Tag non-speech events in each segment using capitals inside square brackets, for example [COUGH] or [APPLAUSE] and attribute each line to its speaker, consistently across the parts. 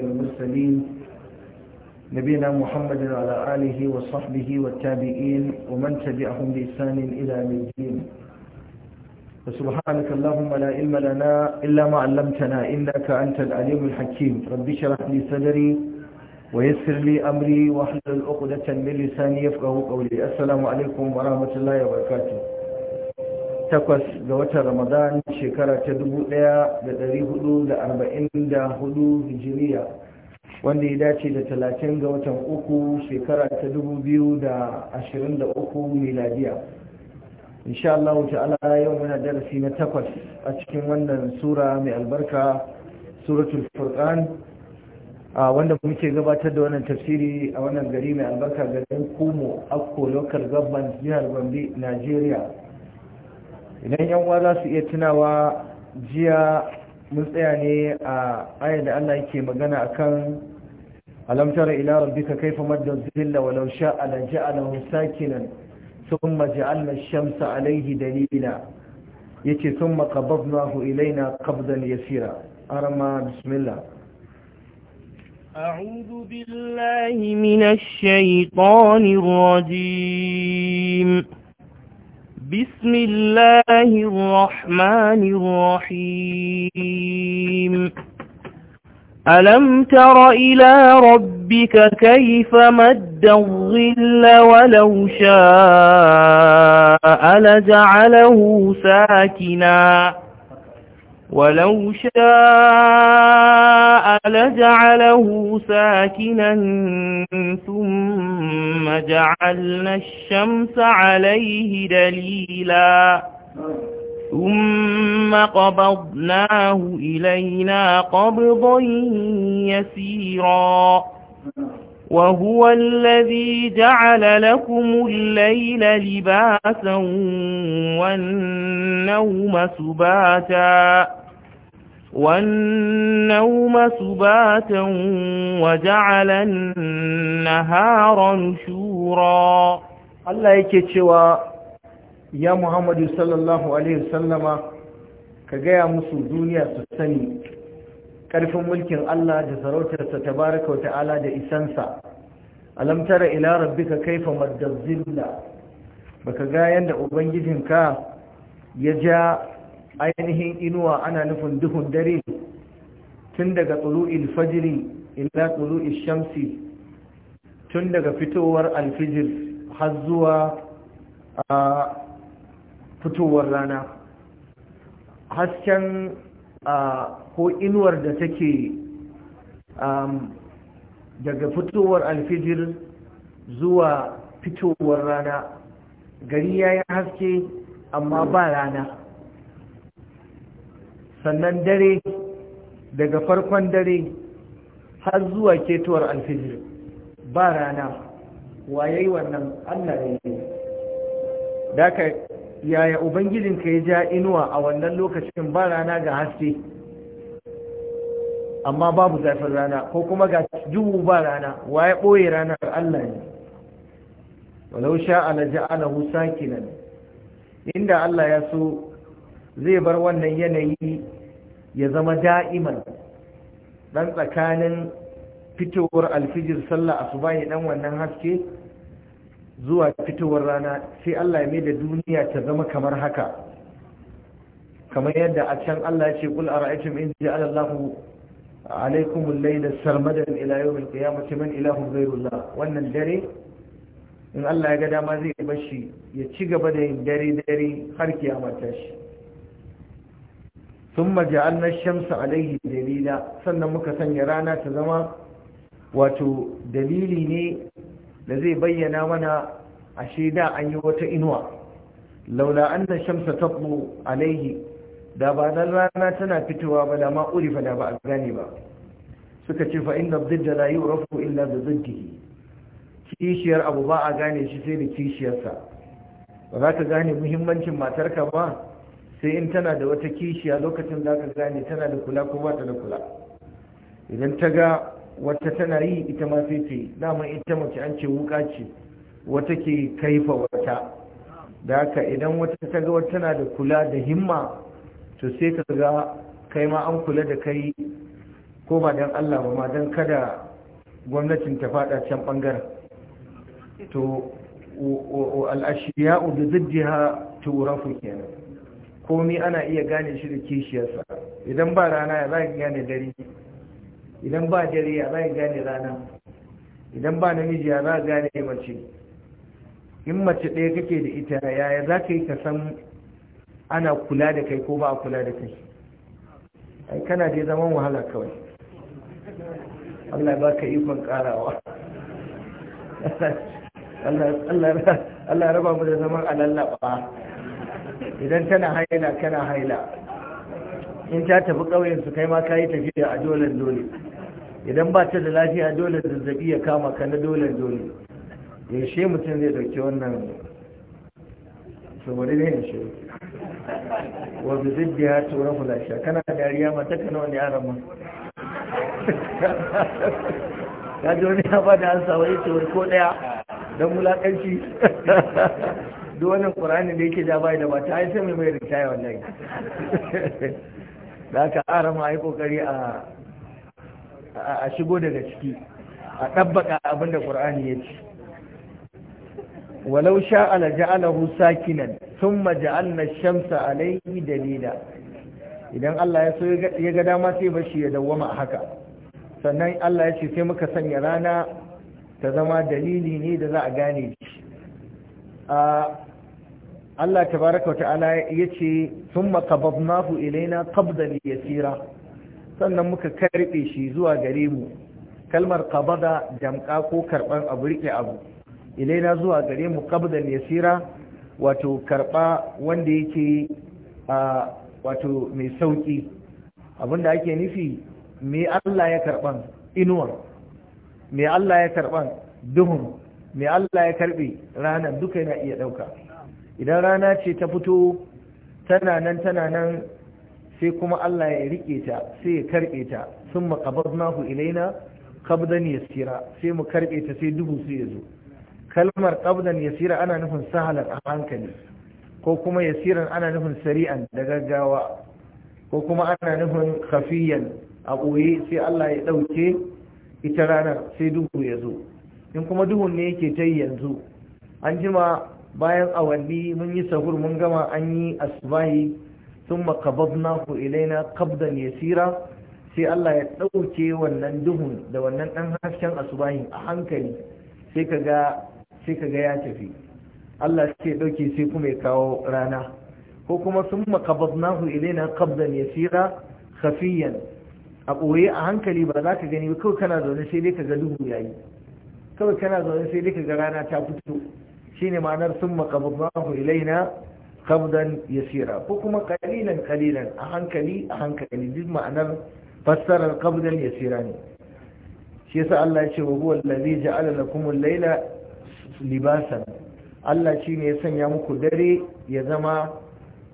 Speaker 1: المرسلين نبينا محمد وعلى آله وصحبه والتابعين ومن تبعهم بإحسان إلى الدين وسبحانك اللهم لا علم لنا إلا ما علمتنا إنك أنت العليم الحكيم رب اشرح لي صدري ويسر لي أمري واحلل عقدة من لساني يفقهوا قولي السلام عليكم ورحمة الله وبركاته takwas ga watan ramadan shekara ta dubu ɗaya da da da hudu da hudu hijiriya wanda ya dace da talatin ga watan uku shekara ta dubu biyu da ashirin da uku miladiya insha ta'ala yau muna darasi na takwas a cikin wannan sura mai albarka suratul furqan wanda muke gabatar da wannan tafsiri a wannan gari mai albarka garin kumo akko local government jihar gombe nigeria idan yan uwa za su iya tunawa jiya mun tsaya ne a ayar da Allah yake magana akan alam tara ila rabbika kayfa madda dhilla wa law sha'a la ja'alahu sakinan thumma ja'alna ash-shamsa alayhi dalila yace thumma qabadnahu ilayna qabdan yasira arama bismillah
Speaker 2: أعوذ بالله من الشيطان الرجيم بسم الله الرحمن الرحيم ألم تر إلى ربك كيف مد الظل ولو شاء لجعله ساكناً ولو شاء لجعله ساكنا ثم جعلنا الشمس عليه دليلا ثم قبضناه إلينا قبضا يسيرا وهو الذي جعل لكم الليل لباسا والنوم سباتا والنوم سباتا وجعل النهار نشورا الله yake cewa ya Muhammadu sallallahu alaihi wasallama
Speaker 1: ka gaya musu duniya su sani Karfin mulkin Allah da sarautarsa ta wa ta'ala da isansa alam tara ila rabbika kaifa maddazzilla baka ga yanda ubangijinka ya ja ainihin inuwa ana nufin duhun dare tun daga tsulu'il fajri ila tsulu'il shamsi tun daga fitowar alfijir har zuwa fitowar rana hasken ko inuwar da take um, daga fitowar alfijir zuwa fitowar rana gari ya yi haske amma ba rana sannan dare daga farkon dare har zuwa ketowar alfijir ba rana waye wannan allah ne da yaya ka ya ja inuwa a wannan lokacin ba rana ga haske amma babu zafin rana ko kuma ga duhu ba rana wa ya ɓoye ranar Allah ne walau sha'a na ja'alahu sakinan inda Allah ya so zai bar wannan yanayi ya zama da'iman dan tsakanin fitowar alfijir sallah asuba ne dan wannan haske zuwa fitowar rana sai Allah ya da duniya ta zama kamar haka kamar yadda a can Allah ya ce kul ara'aytum in ja'ala Allahu alaykum al-layla sarmadan ila yawm al-qiyamati man ilahun ghayrullah wannan dare in Allah ya ga dama zai bar shi ya ci gaba da yin dare dare har kiyama ta shi thumma ja'alna ash-shamsa alayhi dalila sannan muka sanya rana ta zama wato dalili ne da zai bayyana mana a da an yi wata inuwa laula da shamsa tatlu alaihi da ba dan rana tana fitowa ba da ma fa da ba a gane ba suka ce fa inna dhidda la yu'rafu illa bi dhiddihi kishiyar abu ba a gane shi sai da kishiyarsa ba za ka gane muhimmancin matarka ba sai in tana da wata kishiya lokacin za ka gane tana da kula ko ba ta da kula idan ta ga wata tana yi ita ma sai ta yi dama ita mace an ce wuka ce wata ke kaifa wata da haka idan wata ta ga wata tana da kula da himma to sai ka ga kai ma an kula da kai ko ba don Allah ba ma don kada gwamnatin ta fada can bangaren to al'ashiya'u da ziddiha turafu kenan komi ana iya gane shi da kishiyarsa idan ba rana ya za gane dare idan ba dare ya za gane rana idan ba namiji ya za gane mace in mace ɗaya kake da ita yaya za ka yi ka san ana kula da kai ko ba a kula da kai ai kana dai zaman wahala kawai Allah ba ka ikon karawa Allah raba mu da zaman alallaba idan tana haila kana haila in ta tafi ƙauyensu, su kai ma ka yi tafiya a dole dole idan ba ta da lafiya dole zazzabi ya kama ka na dole dole yaushe mutum zai dauki wannan saboda ne yaushe wanda zai da ya tura shi kana dariya ta kana wani arama ma ji wani ya bada an sa wani cewar ko daya don mulakanci duk wani ƙura'ani da yake da bai da ba ta haifar mai mai rikaya wannan da aka arama a yi ƙoƙari a a shigo daga ciki a ɗabbaka abin da ƙur'ani ya ce walau sha'a la ja'alahu sakinan thumma na shamsa alaihi dalila idan Allah ya so ya ga dama sai bashi ya dawwama haka sannan Allah ya ce sai muka sanya rana ta zama dalili ne da za a gane shi Allah tabaraka wa ta'ala ya ce thumma ilaina, ilayna ya yasira sannan muka karbe shi zuwa gare mu kalmar qabada jamka ko karban abu rike abu ilaina zuwa gare mu qabdan yasira wato karba wanda yake a wato mai sauki abinda ake nufi me Allah ya karban inuwar me Allah ya karban duhun me Allah ya karbe ranar duka yana iya dauka idan rana ce ta fito tana nan tana nan sai kuma Allah ya rike ta sai ya karbe ta sun maqabadnahu ilaina ya yasira sai mu karbe ta sai duhu sai ya zo kalmar ya yasira ana nufin sahalar a hankali ko kuma yasiran ana nufin sari'an da gaggawa ko kuma ana nufin kafiyan a ɓoye sai Allah ya ɗauke ita ranar sai duhu ya zo in kuma duhun ne yake ta yanzu an jima bayan awanni mun yi sahur mun gama an yi asbahi ثم قبضناه إلينا قبضا يسيرا sai Allah ya ɗauke wannan duhun da wannan ɗan hasken asubahin a hankali sai ka ga ya tafi Allah sai ya ɗauke sai kuma ya kawo rana ko kuma sun makabaznahu ilaina qabdan yasira khafiyan a ɓoye a hankali ba za ka gani ba kawai kana zaune sai dai ka ga duhu yayi kawai kana zaune sai dai ka ga rana ta fito shine ma'anar sun makabaznahu ilaina kabdan yasira ko kuma kalilan kalilan a hankali a hankali duk ma'anar fassarar kabdan yasira ne shi yasa Allah ya ce wa huwa allazi ja'ala lakum al-laila libasan Allah ne ya sanya muku dare ya zama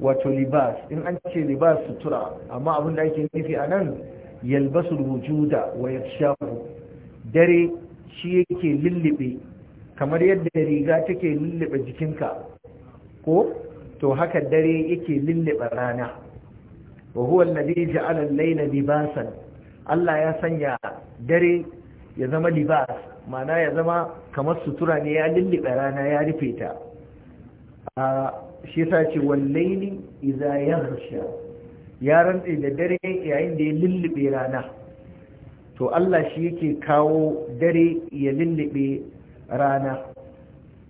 Speaker 1: wato libas in an ce libas sutura amma abin da ake nufi a nan yalbasu wujuda wa yashafu dare shi yake lullube kamar yadda riga take lullube jikinka ko to haka dare yake lullube rana wa huwa alladhi ja'ala al-layla libasan Allah ya sanya dare ya zama libas ma'ana ya zama kamar sutura ne ya lullube rana ya rufe ta a shi yasa ce wallaili idza yaghsha ya rantse da dare yayin da ya lulluɓe rana to Allah shi yake kawo dare ya lullube rana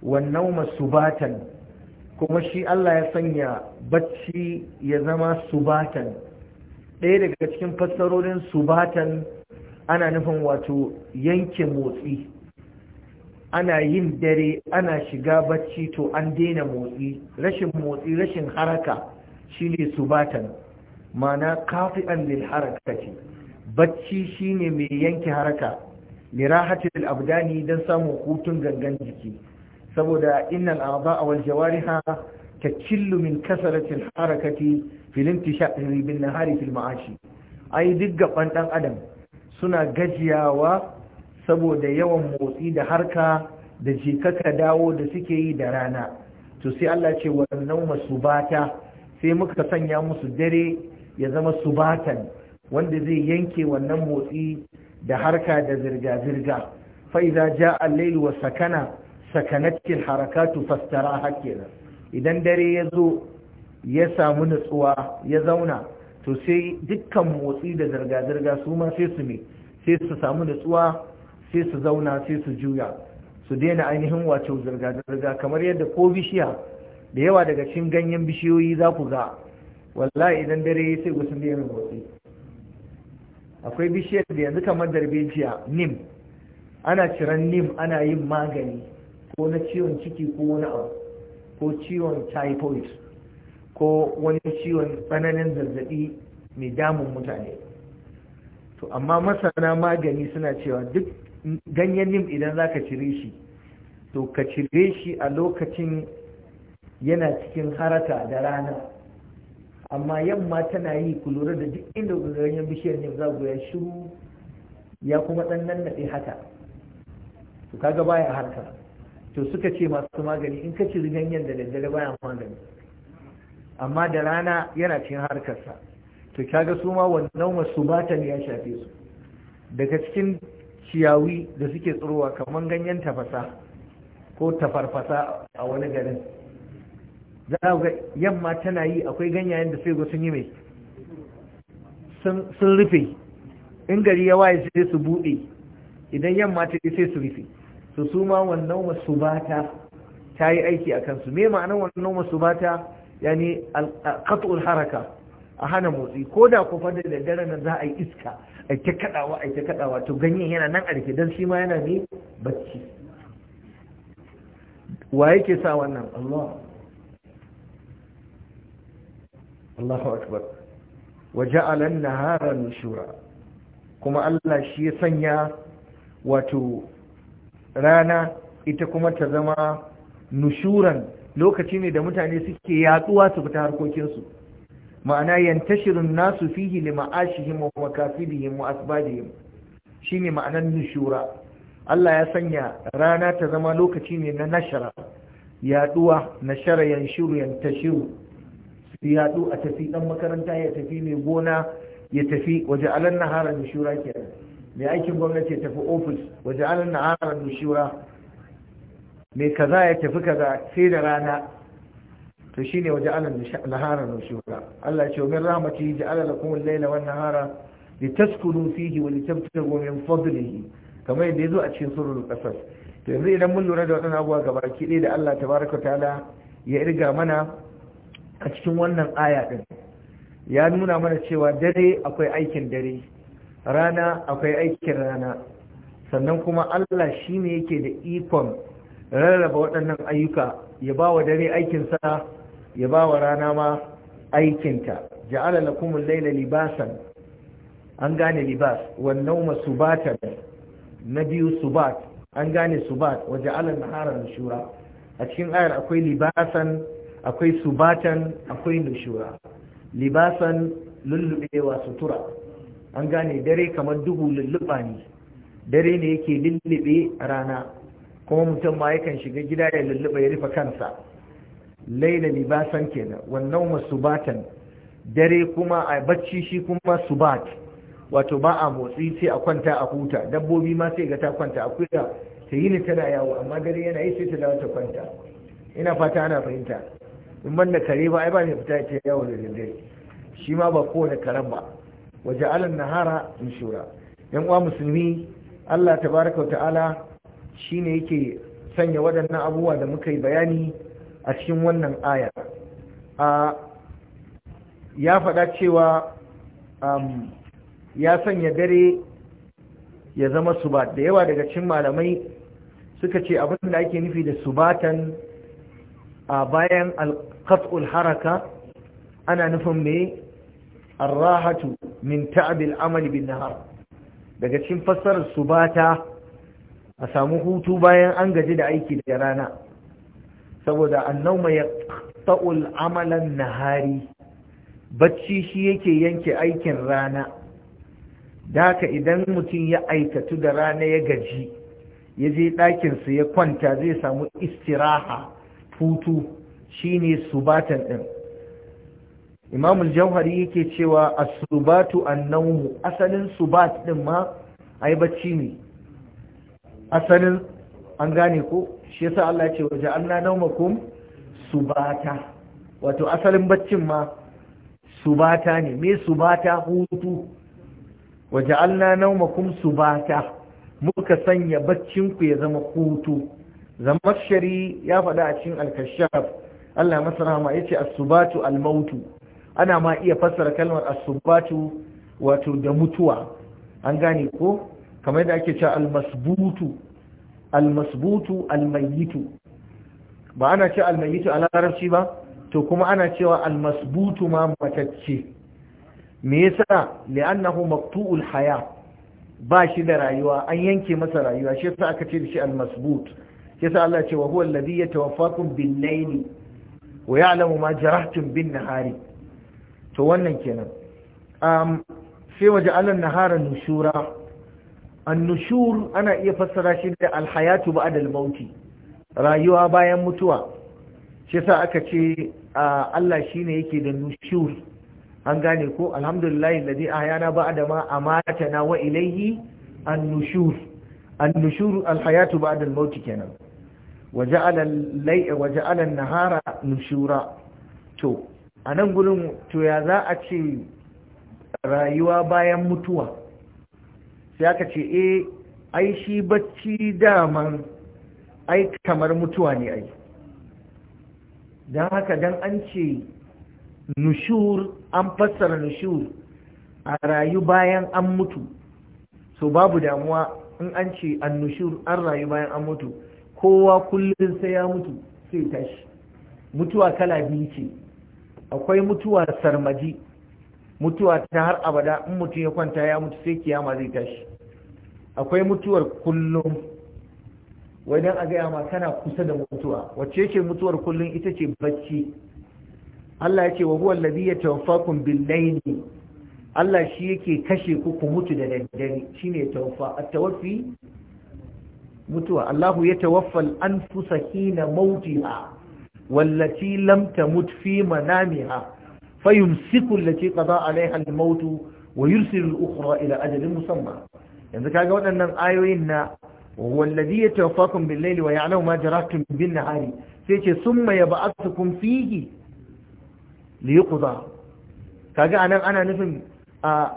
Speaker 1: wannan batan? kuma shi Allah ya sanya bacci ya zama subatan ɗaya daga cikin fassarorin subatan ana nufin wato yanke motsi ana yin dare ana shiga bacci to an daina motsi rashin motsi rashin haraka shine subatan mana kafi'an lil harakati bacci shine mai yanke haraka lirahatul abdani don samun hutun gangan jiki saboda innal a wal jawariha takillu min kasarati al harakati fil intishari na hari fil ma'ashi ai duk gaban dan adam suna gajiyawa saboda yawan motsi da harka da jikaka dawo da suke yi da rana to sai Allah ce wannan masubata sai muka sanya musu dare ya zama subatan wanda zai yanke wannan motsi da harka da zirga-zirga fa'iza ja al-lailu wa sakana sakanatil harakatu fastara hakkenan idan dare ya zo ya samu nutsuwa ya zauna to sai dukkan motsi da zirga-zirga su ma sai su me sai su samu nutsuwa sai su zauna sai su juya su daina ainihin wato zirga-zirga kamar yadda ko bishiya da yawa daga cikin ganyen bishiyoyi za ku ga wallahi idan dare sai wasu daina motsi akwai bishiyar da yanzu kamar darbejiya nim ana ciran nim ana yin magani ko na ciwon ciki ko wani abu ko ciwon typhoid ko wani ciwon tsananin zazzabi mai damun mutane to amma masana magani suna cewa duk ganyen nim idan za ka cire shi to ka cire shi a lokacin yana cikin harata da rana amma yamma tana yi ku lura da duk inda ganyen bishiyar nim za ya shiru ya kuma ɗan nannaɗe haka to kaga baya harka to suka ce masu magani in ka ci ganyen da daddare baya magani amma da rana yana cin harkarsa to kaga su ma wannan masu batan ya shafe su daga cikin ciyawi da suke tsirowa kamar ganyen tafasa ko tafarfasa a wani garin za ga yamma tana yi akwai ganyayen da sai sun yi mai sun rufe in gari ya waye sai su buɗe idan yamma ta sai su rufe to su ma wannan wasu bata ta yi aiki a kansu me ma'anar wannan wasu bata ya yani alqat'ul haraka a hana motsi ko da ku fada da dare nan za a yi iska a ta kadawa a ta kadawa to ganyen yana nan a rike dan shi ma yana ne bacci wa yake sa wannan Allah Allahu akbar wa ja'ala an-nahara nushura kuma Allah shi ya sanya wato rana ita kuma ta zama nushuran lokaci ne da mutane suke yatsuwa su fita harkokinsu ma'ana yantashirun nasu fihi li ma'ashihim wa makasibihim wa asbabihim shine ma'anar nushura Allah ya sanya rana ta zama lokaci ne na nashara yaduwa nashara yanshuru yantashiru su yadu a tafi dan makaranta ya tafi mai gona ya tafi waje alannahara nahara nushura kenan mai aikin gwamnati ya tafi ofis waje alin na harar nushura mai kaza ya tafi kaza sai da rana to shi ne waje alin na harar nushura Allah ya ce min rahmati ji ala da kuma laila wannan hara da taskuru fihi wani tabbatar gomin fadlihi kamar yadda ya zo a cikin surul kasar to yanzu idan mun lura da waɗannan abubuwa gaba ki da Allah tabaraka ta'ala ya irga mana a cikin wannan aya din ya nuna mana cewa dare akwai aikin dare rana akwai aikin rana sannan kuma Allah shi ne yake da ikon rarraba waɗannan ayyuka ya ba wa dare aikinsa ya ba wa rana ma aikinta ja'ala lakumul laila libasan an gane libas wan nauma subatan na biyu subat an gane subat wa ja'ala nahara nushura a cikin ayar akwai libasan akwai subatan akwai nushura libasan lullubewa sutura an gane dare kamar dubu lulluɓa ne dare ne yake lullube rana kuma mutum ma yakan shiga gida ya lulluɓa ya rufe kansa laila libasan kenan wannan wa subatan dare kuma a bacci shi kuma subat wato ba a motsi sai a kwanta a huta dabbobi ma sai ga ta kwanta akuya ta yi ni tana yawo amma dare yana yi sai ta dawo ta kwanta ina fata ana fahimta in da kare ba ai ba ne fita ta yawo da dare shi ma ba kowane karen ba wa ja'ala an-nahara nushura yan uwa musulmi Allah tabaraka ta'ala shine yake sanya waɗannan abubuwa da muka yi bayani a cikin wannan aya a ya faɗa cewa ya sanya dare ya zama subat da yawa daga cikin malamai suka ce abin da ake nufi da subatan a bayan alkat'ul haraka ana nufin mai arrahatu min ta'abil amali bin nahar daga cikin fassarar subata a samu hutu bayan an gaji da aiki da rana saboda annauma ya ta'ul amalan nahari bacci shi yake yanke aikin rana Daka idan mutum ya aikatu da rana ya gaji ya je ɗakinsa ya kwanta zai samu istiraha hutu shine subatan ɗin imamul jauhari yake cewa asubatu annawmu asalin subat din ma ai bacci ne asalin an gane ko shi yasa Allah ya ce waje anna nawmakum subata wato asalin baccin ma subata ne me subata hutu waje anna nawmakum subata muka sanya baccin ku ya zama hutu zamashari ya faɗa a cikin al-kashaf Allah masarama rahama yace as-subatu al-mautu ana ma iya fassara kalmar asubatu wato da mutuwa an gane ko kamar yadda ake cewa almasbutu almasbutu almayitu ba ana cewa almayitu a larabci ba to kuma ana cewa almasbutu ma matacce me yasa li'annahu maqtu'ul haya ba shi da rayuwa an yanke masa rayuwa shi yasa aka ce da shi almasbut yasa Allah ce wa huwa alladhi yatawaffakum bil-layli wa ya'lamu ma jarahtum bin-nahari to wannan kenan um, sai waje alan nahara nushura annushur ana iya fassara shi da alhayatu ba'da al rayuwa bayan mutuwa shi yasa aka ce Allah shine yake da nushur an gane ko alhamdulillah alladhi ahyana ba'da ma amatana wa ilayhi annushur annushur alhayatu ba'da al kenan Waje al-layla waja'ala nahara nushura to a nan gudun ya za a ce rayuwa bayan mutuwa sai aka ce e ai shi bacci daman ai kamar mutuwa ne ai don haka don an ce
Speaker 2: nushur
Speaker 1: an fassara nushur a rayu bayan an mutu so babu damuwa in an ce an nushur an rayu bayan an mutu kowa kullum sai ya mutu sai tashi mutuwa kala biyu ce akwai mutuwa sarmaji mutuwa ta har abada in mutum ya kwanta ya mutu sai kiyama zai tashi akwai mutuwar kullum wai dan a gaya ma kana kusa da mutuwa wacce ce mutuwar kullum ita ce bacci Allah ya ce wa huwa alladhi yatawaffakum bil-layli Allah shi yake kashe ku ku mutu da daddare shine tawaffa at-tawaffi mutuwa Allahu yatawaffal al-anfusa hina mautiha wallati lam tamut fi manamiha fayumsiku allati qada alaiha al-maut wa yursilu al ila ajalin musamma yanzu kaga waɗannan ayoyin na wallazi yatawaffakum bil-layli wa ya'lamu ma jaratun bin-nahari sai ce summa yab'athukum fihi liyuqda kaga anan ana nufin a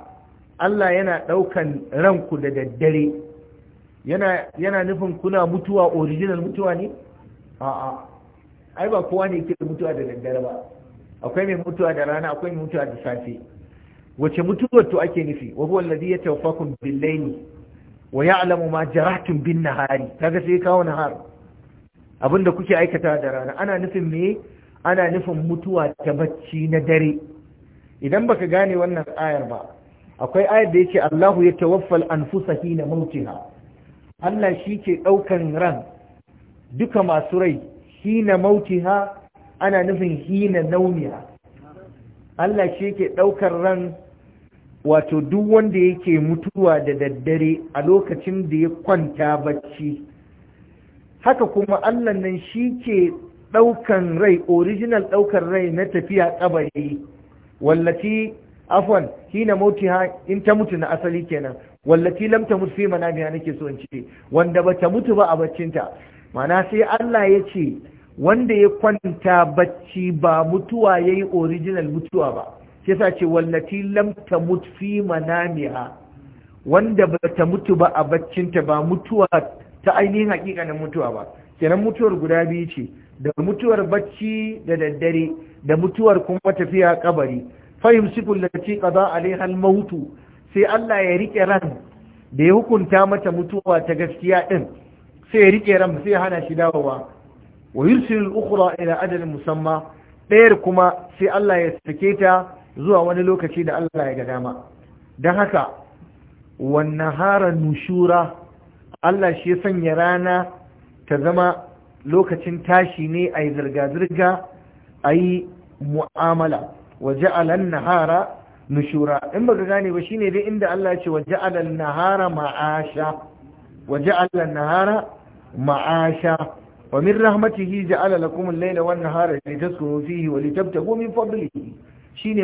Speaker 1: Allah yana ɗaukan ranku da daddare yana nufin kuna mutuwa orijinal mutuwa ne a'a ai ba kowa ne yake mutuwa da daddare ba akwai mai mutuwa da rana akwai mai mutuwa da safe wace mutuwar to ake nufi wa huwa alladhi yatawaffakum bil layli wa ya'lamu ma jarahtum bin nahari kaga sai kawo nahar abinda kuke aikata da rana ana nufin me ana nufin mutuwa ta bacci na dare idan baka gane wannan ayar ba akwai ayar da yake Allahu yatawaffal anfusa hina mautiha Allah shi ke ɗaukan ran duka masu rai hina mautiha ana nufin hina nauniya. Allah shi yake ɗaukar ran wato duk wanda yake mutuwa da daddare a lokacin da ya kwanta bacci haka kuma Allah nan shi ke ɗaukan rai original ɗaukan rai na tafiya kabari wallati afwan hina mautiha in ta mutu na asali kenan wallati lam mutu fi manamiha nake so in ce wanda bata mutu ba a baccinta mana sai Allah ya ce wanda ya kwanta bacci ba mutuwa ya yi original mutuwa ba sai sa ce wallati lamta mutu fi manamiha wanda ba ta mutu ba a baccinta ba mutuwa ta ainihin hakikanin mutuwa ba kenan mutuwar guda biyu ce da mutuwar bacci da daddare da mutuwar kuma tafiya kabari fahim sikul lati a alaiha mautu sai Allah ya rike ran da ya hukunta mata mutuwa ta gaskiya din sai ya rike ran sai hana shi dawowa wa yursilul ukhra ila ajalin musamma ɗayar kuma sai Allah ya sake ta zuwa wani lokaci da Allah ya ga dama don haka wannan hara nushura Allah shi ya sanya rana ta zama lokacin tashi ne a yi zirga-zirga a mu'amala waje alan nahara nushura in baka gane ba shine dai inda Allah ce waje alan nahara ma'asha waje alan nahara ma'asha wa min rahmatihi ja'ala lakum al-layla wan nahara litaskunu fihi wa litabtaghu min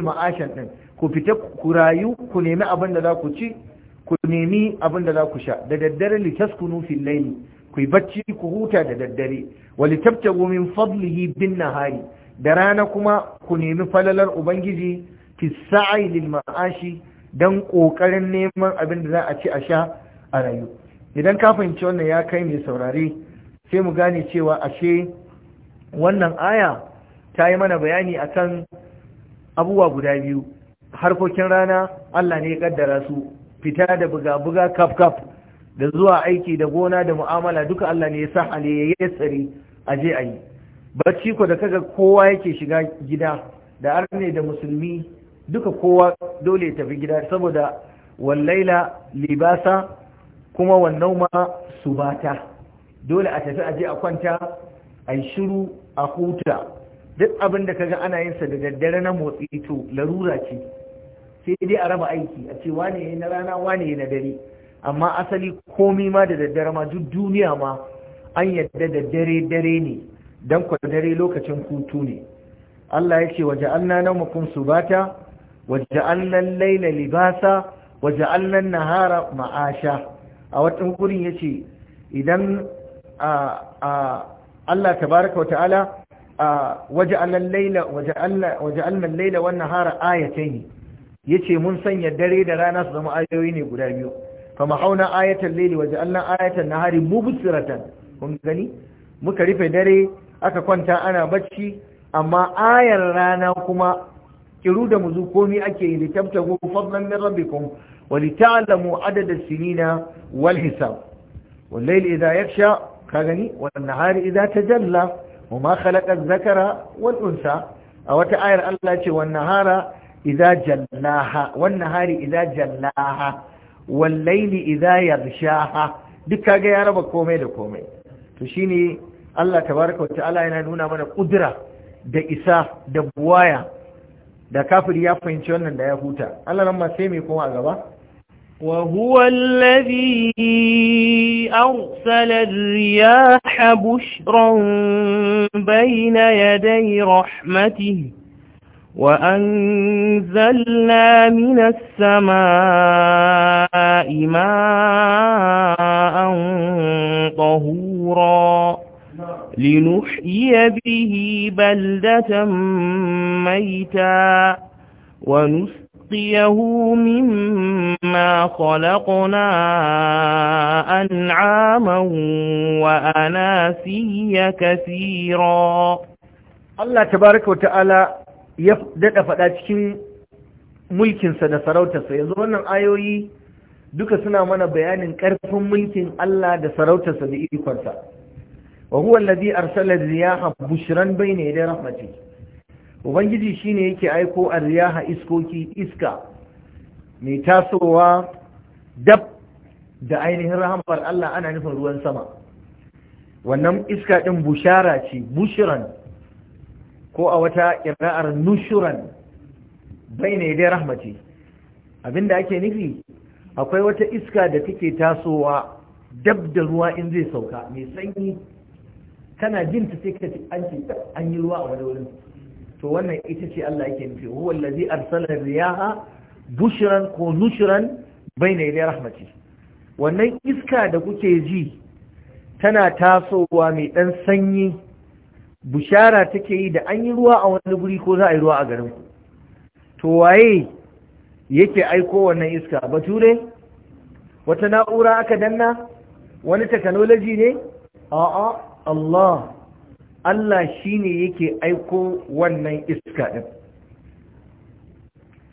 Speaker 1: ma'ashan ku fita ku rayu ku nemi abin da za ku ci ku nemi abin da za ku sha da daddare litaskunu fil layli ku bacci ku huta da daddare wa litabtaghu min fadlihi bin nahari da rana kuma ku nemi falalar ubangiji fi sa'i lil ma'ashi dan kokarin neman abin da za a ci a sha a rayu idan ka fahimci wannan ya kai mai saurare sai mu gane cewa ashe wannan aya ta yi mana bayani akan abubuwa guda biyu harkokin rana Allah ne ya kaddara su fita da buga-buga kaf-kaf da zuwa aiki da gona da mu'amala duka Allah ne ya sa hali ya yi tsari a je a yi bacci ko da kaga kowa yake shiga gida da arne da musulmi duka kowa dole ya tafi gida saboda wallaila libasa kuma wannan ma subata dole a tafi aje a kwanta a yi shiru a huta duk abin da kaga ana yin sa da daddare na motsi to larura ce sai dai a raba aiki a ce wane ne na rana wane na dare amma asali komi ma da daddare ma duk duniya ma an yadda da dare dare ne dan kwa dare lokacin hutu ne Allah ya ce waje anna naumakum subata waje annan laila libasa waje annan nahara ma'asha a watan gurin ya ce idan Allah tabaraka wata'ala waja'alna allan laila wannan al-laila wan yace mun sanya dare da rana su zama ayoyi ne guda biyu fama hauna ayatan laili waja'alna ayatan nahari mubsiratan kun gani muka rufe dare aka kwanta ana bacci amma ayar rana kuma kiru da muzu komi ake yi litabtagu fadlan min rabbikum wa lita'lamu adada sinina wal hisab wal layli idha yakhsha ka gani wannan hari idan ta jalla wa ma zakara wal unsa a wata ayar Allah ce wannan hara idan jallaha wannan hari idan jallaha wal layli idan yarshaha duk kaga ya raba komai da komai to shine Allah tabaraka wa ta'ala yana nuna mana kudura da isa da buwaya da kafiri ya fahimci wannan da ya
Speaker 2: huta Allah nan ma sai mai kuma a gaba وهو الذي أرسل الرياح بشرا بين يدي رحمته وأنزلنا من السماء ماء طهورا لنحيي به بلدة ميتا ونسقى نُعْطِيَهُ مِمَّا خَلَقْنَا أَنْعَامًا وَأَنَاسِيَّ كَثِيرًا
Speaker 1: Allah tabaraka Ta'ala
Speaker 2: ya daɗa faɗa cikin
Speaker 1: mulkinsa da sarautarsa yanzu wannan ayoyi duka suna mana bayanin ƙarfin mulkin Allah da sarautarsa da ikonsa wa huwa allazi Bushiran riyaha bushran bayna yaday rahmatihi ubangiji shine yake aiko a riyaha iskoki iska mai tasowa dab da ainihin rahamar Allah ana nufin ruwan sama wannan iska ɗin bushara ce bushiran ko a wata ƙira'ar nushuran bai ne dai rahmaci abinda ake nufi akwai wata iska da take tasowa dab da ruwa in zai sauka mai sanyi tana jin ta sai ka an an yi ruwa a wani to wannan ita ce Allah yake nufi huwa allazi arsala riyaha bushran ko nushran bayna yaday rahmati wannan iska da kuke ji tana tasowa mai dan sanyi bushara take yi da an yi ruwa a wani guri ko za a yi ruwa a garin ku to waye yake aiko wannan iska bature wata na'ura aka danna wani technology ne a'a Allah Allah shi ne yake aiko wannan iska ɗin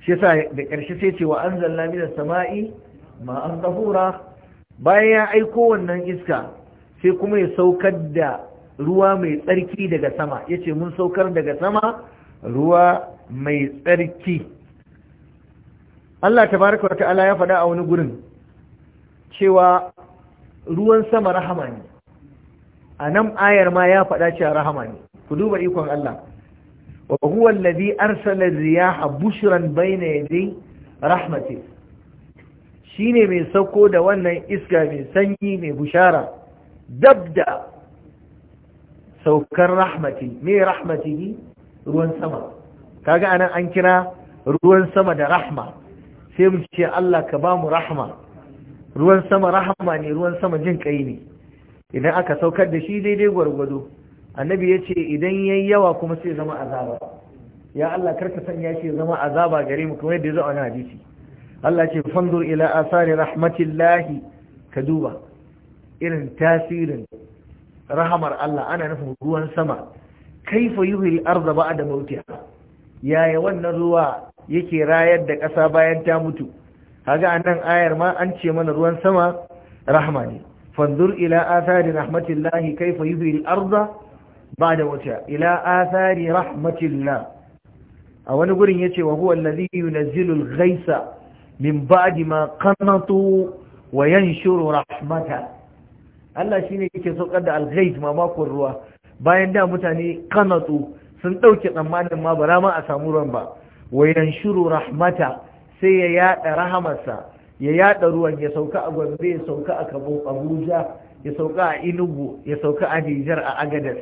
Speaker 1: shi sa da ƙarshe sai ce wa an zalla da sama'i ma an zahura bayan ya aiko wannan iska sai kuma ya saukar da ruwa mai tsarki daga sama ya ce mun saukar daga sama ruwa mai tsarki Allah ta baraka wata ala ya faɗa a wani gurin cewa ruwan sama rahama ne a nan ayar ma ya faɗa cewa rahama ne ku duba ikon Allah wa huwa alladhi arsala riyaha bushran bayna yadi rahmati shine mai sauko da wannan iska mai sanyi mai bushara dabda saukar rahmati me rahmatihi ruwan sama kaga anan an kira ruwan sama da rahma sai mu ce Allah ka ba mu rahma ruwan sama rahma ne ruwan sama jin kai ne idan aka saukar da shi daidai gwargwado annabi ya ce idan ya yawa kuma sai zama azaba ya Allah karka sanya shi zama azaba gare mu kuma yadda ya zo a wani Allah ce fanzur ila asari rahmatillahi ka duba irin tasirin rahamar Allah ana nufin ruwan sama kaifa yuhil arda ba'da mautiha yaya wannan ruwa yake rayar da ƙasa bayan ta mutu kaga anan ayar ma an ce mana ruwan sama rahma ne فانظر إلى آثار رحمة الله كيف يحيي الأرض بعد موتها إلى آثار رحمة الله أو نقول يتي وهو الذي ينزل الغيث من بعد ما قنطوا وينشر رحمته Allah shi ne yake saukar da alghaiz ma makon ruwa bayan da mutane kanatu sun ɗauke tsammanin ma bara a samu ruwan ba wayan shuru rahmata sai ya yaɗa rahamarsa ya yada ruwan ya sauka a gombe ya sauka a kabo abuja ya sauka a inugu ya sauka a nijar a agadas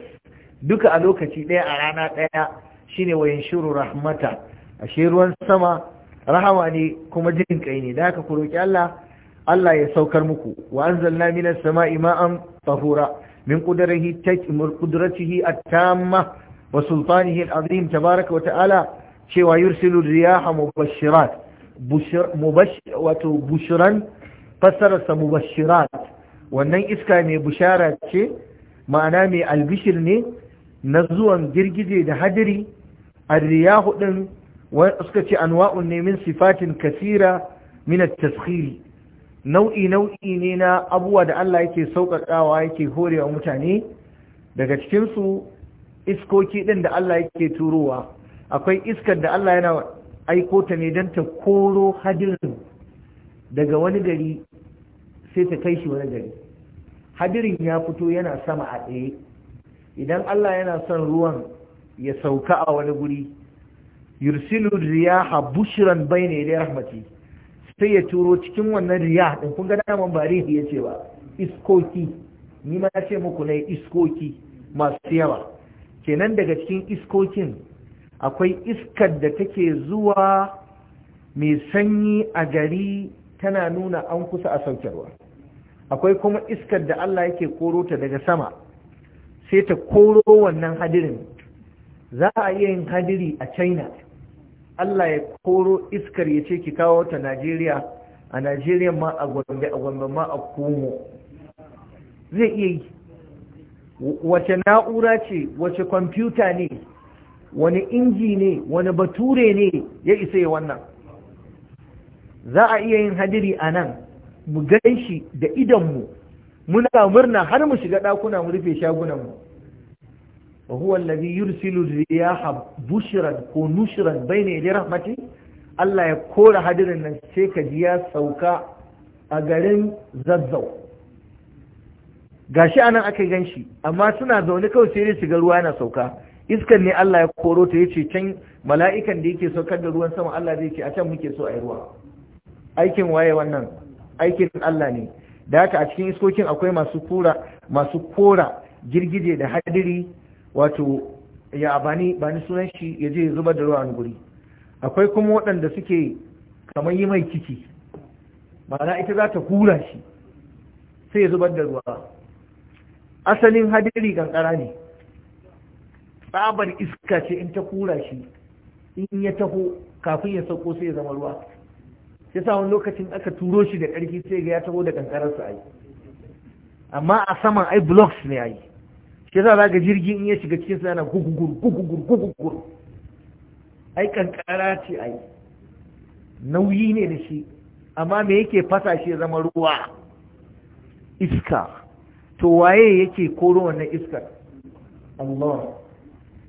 Speaker 1: duka a lokaci ɗaya a rana ɗaya shine wayan shiru rahmata ashe ruwan sama rahama ne kuma jin kai ne da haka ku roki Allah Allah ya saukar muku wa anzalna minas sama'i ma'an tahura min qudratihi tajmur qudratihi at-tamma wa sultanihi al-azim tabaaraka wa ta'ala cewa yursilu riyaha mubashirat wato bushiran fassararsa mubashirat wannan iska mai bushara ce ma'ana mai albishir ne na zuwan girgije da hadiri arriyahu huɗun, suka ce an wa'un nemin sifatin kasira mina taskiri nau'i nau'i ne na abuwa da Allah yake sauƙaƙawa yake horewa mutane daga cikinsu iskoki ɗin da Allah yake turowa akwai iskar da Allah yana aiko ta ne don ta koro hadirin daga wani gari sai ta kai shi wani gari hadirin ya fito yana sama a ɗaya. idan Allah yana son ruwan ya sauka a wani guri yursilu riyaha bai ne dai rahmati sai ya turo cikin wannan riyah din kun ga naman ba ya ce ba iskoki ni ma ce muku ne iskoki masu yawa kenan daga cikin iskokin akwai iskar da take zuwa mai sanyi a gari tana nuna an kusa a saukarwa akwai kuma iskar da Allah yake koro ta daga sama sai ta koro wannan hadirin za a iya yin hadiri a china Allah ya koro iskar ya ce ki kawo ta Najeriya a Najeriya ma a gwambe a gwambe ma a komo zai iya yi wace na'ura ce wace kwamfuta ne wani inji ne wani bature ne ya isa ya wannan za a iya yin hadiri a nan mu gan shi da idonmu muna murna har mu shiga ɗakuna mu rufe shagunanmu wa huwa allazi yursilu riyaha bushran ko nushran bayna yadi rahmati Allah ya kora hadirin nan sai ka ji ya sauka a garin zazzau gashi anan aka gan shi amma suna zaune kawai sai su shiga ruwa na sauka iskan ne Allah ya koro ta yace can mala'ikan da yake saukar da ruwan sama Allah zai ce a can muke so a yi ruwa aikin waye wannan aikin Allah ne da haka a cikin iskokin akwai masu kora masu kora girgije da hadiri wato ya abani ba ni sunan shi ya je zubar da ruwa a guri akwai kuma waɗanda suke kamar yi mai kiki, ma'ana ita za ta hura shi sai ya zubar da ruwa asalin hadiri kankara ne tsabar iska ce in ta kura shi in ya taho kafin ya sauko sai ya zama ruwa sai sa wani lokacin aka turo shi da ƙarfi sai ga ya taho da a ai amma a saman ai blocks ne ai shi za ga jirgi in ya shiga cikin sana gugugur gugugur gugugur ai ƙanƙara ce ai nauyi ne da shi amma me yake fasa shi ya zama ruwa iska to waye yake koro wannan iskar Allah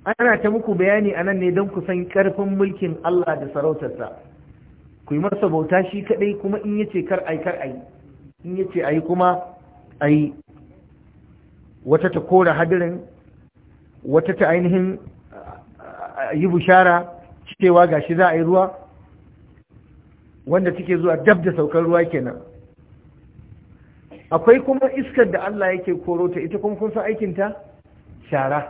Speaker 1: ana ta muku bayani a nan ne don ku san ƙarfin mulkin Allah da sarautarsa ku yi masa bauta shi kaɗai kuma in yace kar ai kar ai in yace ai kuma ai wata ta kora hadirin wata ta ainihin yi bushara cewa gashi za a yi ruwa wanda take zuwa dab da saukar ruwa kenan akwai kuma iskar da Allah yake koro ta ita kuma kun san aikinta shara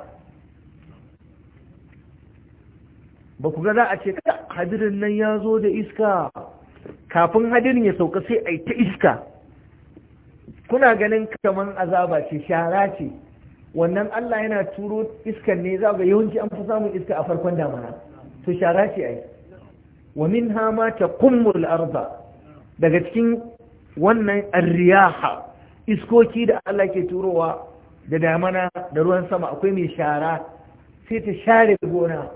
Speaker 1: ba ku ga za a ce hadirin nan ya zo da iska kafin hadirin ya sauka sai a ta iska kuna ganin kamar azaba ce shara ce wannan Allah yana turo iskan ne za ga yawanci an fi samun iska a farkon damana to shara ce ai wa hama ma taqummul arba daga cikin wannan arriyaha iskoki da Allah ke turowa da damana da ruwan sama akwai mai shara sai ta share gona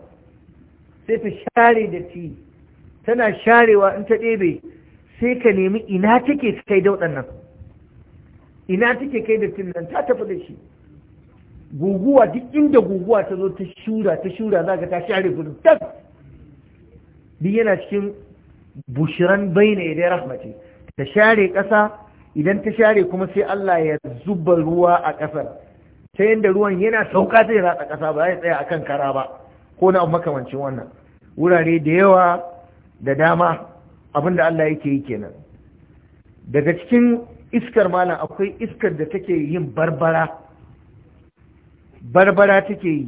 Speaker 1: sai ta share da ti tana sharewa in ta ɗebe sai ka nemi ina take kai da nan ina take kai da nan ta tafi da shi guguwa duk inda guguwa ta zo ta shura ta shura za ka ta share gudun tas duk yana cikin bushiran baina idan rahmati ta share ƙasa idan ta share kuma sai Allah ya zuba ruwa a ƙasar ta yadda ruwan yana sauka zai ratsa ƙasa ba ya tsaya akan kara ba ko na makamancin wannan wurare da yawa da dama abinda Allah yake yi kenan daga cikin iskar malam akwai iskar da take yin barbara barbara take yi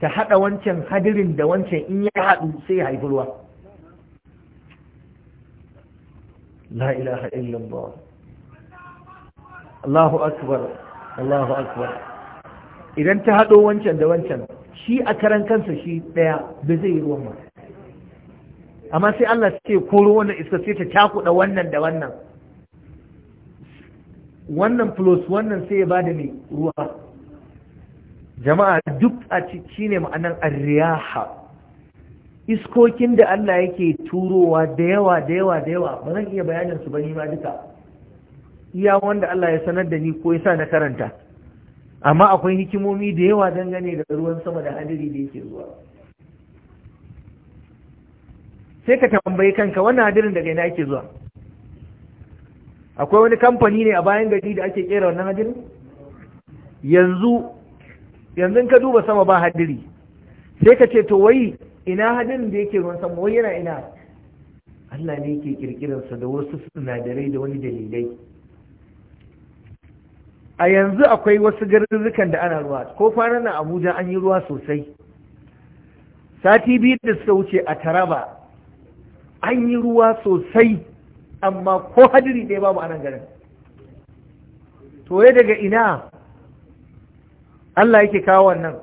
Speaker 1: ta haɗa wancan hadirin da wancan in ya haɗu sai ya haifi ruwa la ilaha illallah Allahu akbar Allahu akbar idan ta haɗo wancan da wancan shi a karan kansa shi ɗaya bai zai yi ruwan ba amma sai Allah ce koro wannan iska sai ta cakuɗa wannan da wannan wannan plus wannan sai ya bada mai ruwa jama'a duk a ciki ne ma'anar arriyaha iskokin da Allah yake turowa da yawa da yawa da yawa ba zan iya bayanin su ba ni ma duka iya wanda Allah ya sanar da ni ko ya sa na karanta amma akwai hikimomi da yawa dangane da ruwan sama da hadiri da yake zuwa sai ka tambayi kanka wannan hadirin daga ina ake zuwa akwai wani kamfani ne a bayan gari da ake kera wannan hadirin yanzu yanzu ka duba sama ba hadiri sai ka ce to wai ina hadirin da yake ruwan sama wai yana ina Allah ne yake kirkirarsa da wasu sinadarai da wani dalilai a yanzu akwai wasu garurrukan da ana ruwa ko fara na abuja an yi ruwa sosai sati biyu da suka wuce a taraba an yi ruwa sosai amma ko hadiri ɗaya babu anan garin toye daga ina Allah yake kawo wannan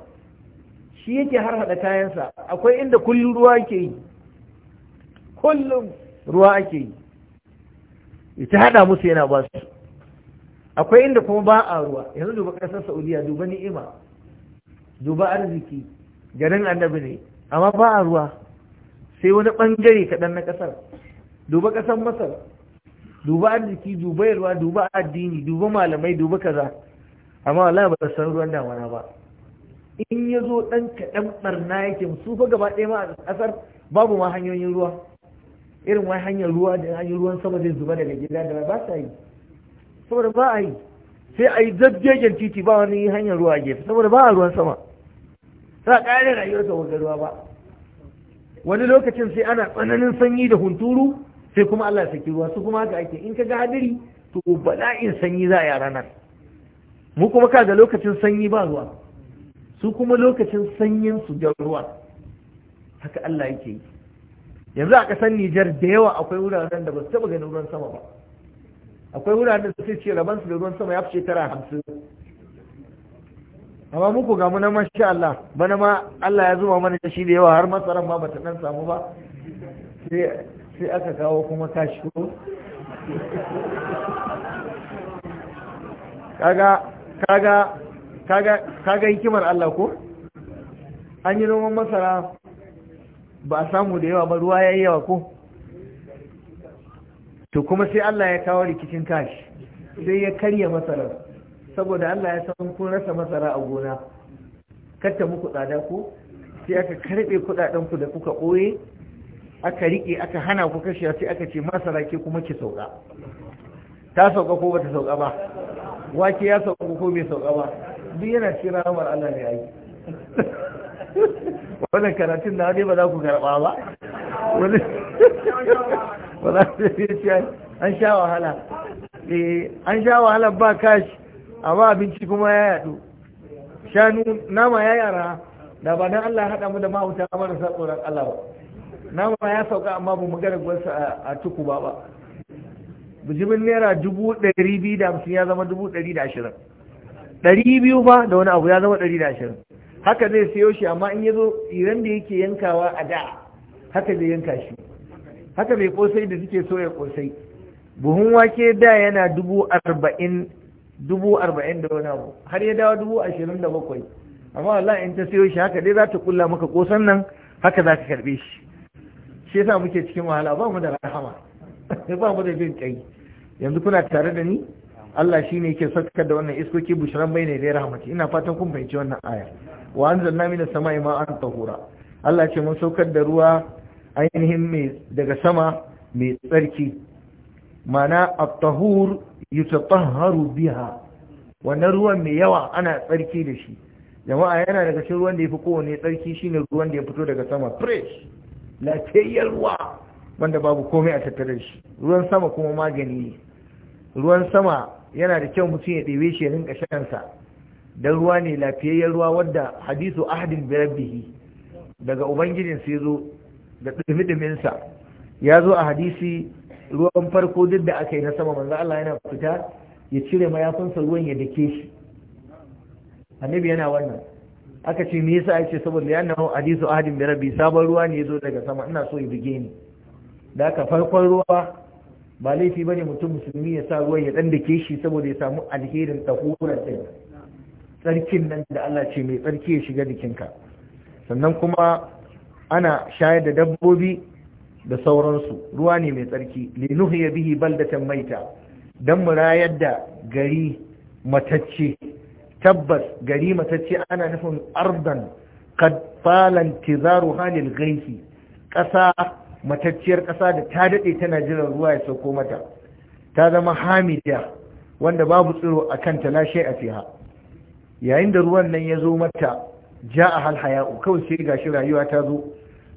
Speaker 1: shi yake har haɗa kayansa akwai inda kullum ruwa ake yi kullum ruwa ake yi ita haɗa musu yana ba su akwai inda kuma ba a ruwa yanzu duba ƙasar saudiya duba ni'ima duba arziki garin annabi ne amma ba a ruwa sai wani ɓangare kaɗan na kasar duba ƙasar masar duba arziki duba yalwa duba addini duba malamai duba kaza amma wala ba san ruwan damana ba in ya zo ɗan kaɗan barna yake su fa gaba ɗaya ma a kasar babu ma hanyoyin ruwa irin wai hanyar ruwa da hanyar ruwan sama zai zuba daga gida da ba sa yi saboda ba a yi sai a yi zabjejen titi ba wani hanyar ruwa a gefe saboda ba a ruwan sama sa ƙarin rayuwarsa wanda ruwa ba wani lokacin sai ana tsananin sanyi da hunturu sai kuma Allah ya saki ruwa su kuma haka ake in ka ga hadiri to bala'in sanyi za a yi ranar mu kuma kaga lokacin sanyi ba ruwa su kuma lokacin sanyin su da ruwa haka Allah yake yi yanzu a ƙasar Nijar da yawa akwai wuraren da ba su taba ganin ruwan sama ba akwai wuraren da sai ce rabansu da ruwan sama ya fi shekara hamsin amma muku ga muna masha Allah bana ma Allah ya zuba mana shi da yawa har masaran ma bata dan samu ba sai aka kawo kuma kashi ko kaga kaga kaga kaga hikimar Allah ko an yi noman masara ba a samu da yawa ba ruwa ya yi yawa ko to kuma sai Allah ya kawo rikicin kashi sai ya karya masara saboda Allah ya san kun rasa masara a gona katta muku tsada ku, sai aka karbe kudaden ku da kuka boye aka rike aka hana ku kashi, sai aka ce masara ke kuma ki sauka ta sauka ko bata sauka ba wake ya sauka ko bai sauka ba duk yana cikin ramar Allah ne ai [LAUGHS] wannan karatun na ne ba za ku karba ba wani
Speaker 2: [LAUGHS]
Speaker 1: ba za su tafi ce an sha wahala eh, an sha wahala ba kashi a ba abinci kuma ya yadu shanu nama ya yara da ba don Allah haɗa mu da mahauta marasa tsoron Allah ba nama ya sauka amma ba mu gara gwarsa a tuku ba ba bijimin naira dubu ɗari biyu da hamsin ya zama dubu ɗari da ashirin ɗari biyu ba da wani abu ya zama ɗari da ashirin haka zai sayo shi amma in ya zo iran da yake yankawa a da haka zai yanka shi haka mai kosai da suke soya kosai buhun wake da yana dubu arba'in dubu arba'in da wani abu har ya dawo dubu ashirin da bakwai amma Allah in ta siyo shi haka dai za ta kulla maka kosan nan haka za ka karbe shi shi yasa muke cikin wahala ba mu da rahama [LAUGHS] ba mu da jin kai yanzu kuna tare da ni Allah shi ne yake sakar da wannan iskoki bushiran bai ne da rahmati ina fatan kun fahimci wannan aya wa anzalna minas sama'i ma'an tahura Allah ce mun saukar da ruwa ainihin mai daga sama mai tsarki mana abtahur tahur yutatahharu biha wannan ruwan mai yawa ana tsarki da shi jama'a yana daga cikin ruwan da yafi kowane tsarki shine ruwan da ya fito daga sama fresh lafiyayyar ruwa wanda babu komai a tattare shi ruwan sama kuma magani ne ruwan sama yana da kyau mutum ya ɗebe shi ya rinka shansa dan ruwa ne lafiyayyen ruwa wadda hadisu ahadin Birabihi daga ubangijin sai zo da ɗumi ya zo a hadisi ruwan farko duk da aka yi na sama manzo Allah yana fita ya cire mayafinsa ruwan ya dake shi annabi yana wannan aka ce me yasa yace saboda ya nawo hadisu ahadin bi rabbi sabon ruwa ne yazo daga sama ina so ya buge ni da aka farkon ruwa ba laifi bane mutum musulmi ya sa ruwan ya dan dake shi saboda ya samu alherin tahurar din tsarkin nan da Allah ce mai tsarki ya shiga jikinka sannan kuma ana shayar da dabbobi da sauransu ruwa ne mai tsarki ya bihi baldatan maita dan mu rayar da gari matacce tabbas gari matacce ana nufin ardan kad falan tizaru halil gaiki ƙasa matacciyar ƙasa da ta daɗe tana jiran ruwa ya sauko mata ta zama hamida wanda babu tsiro a kanta shai a fiha yayin da ruwan nan ya zo mata ja a hal haya'u kawai sai gashi rayuwa ta zo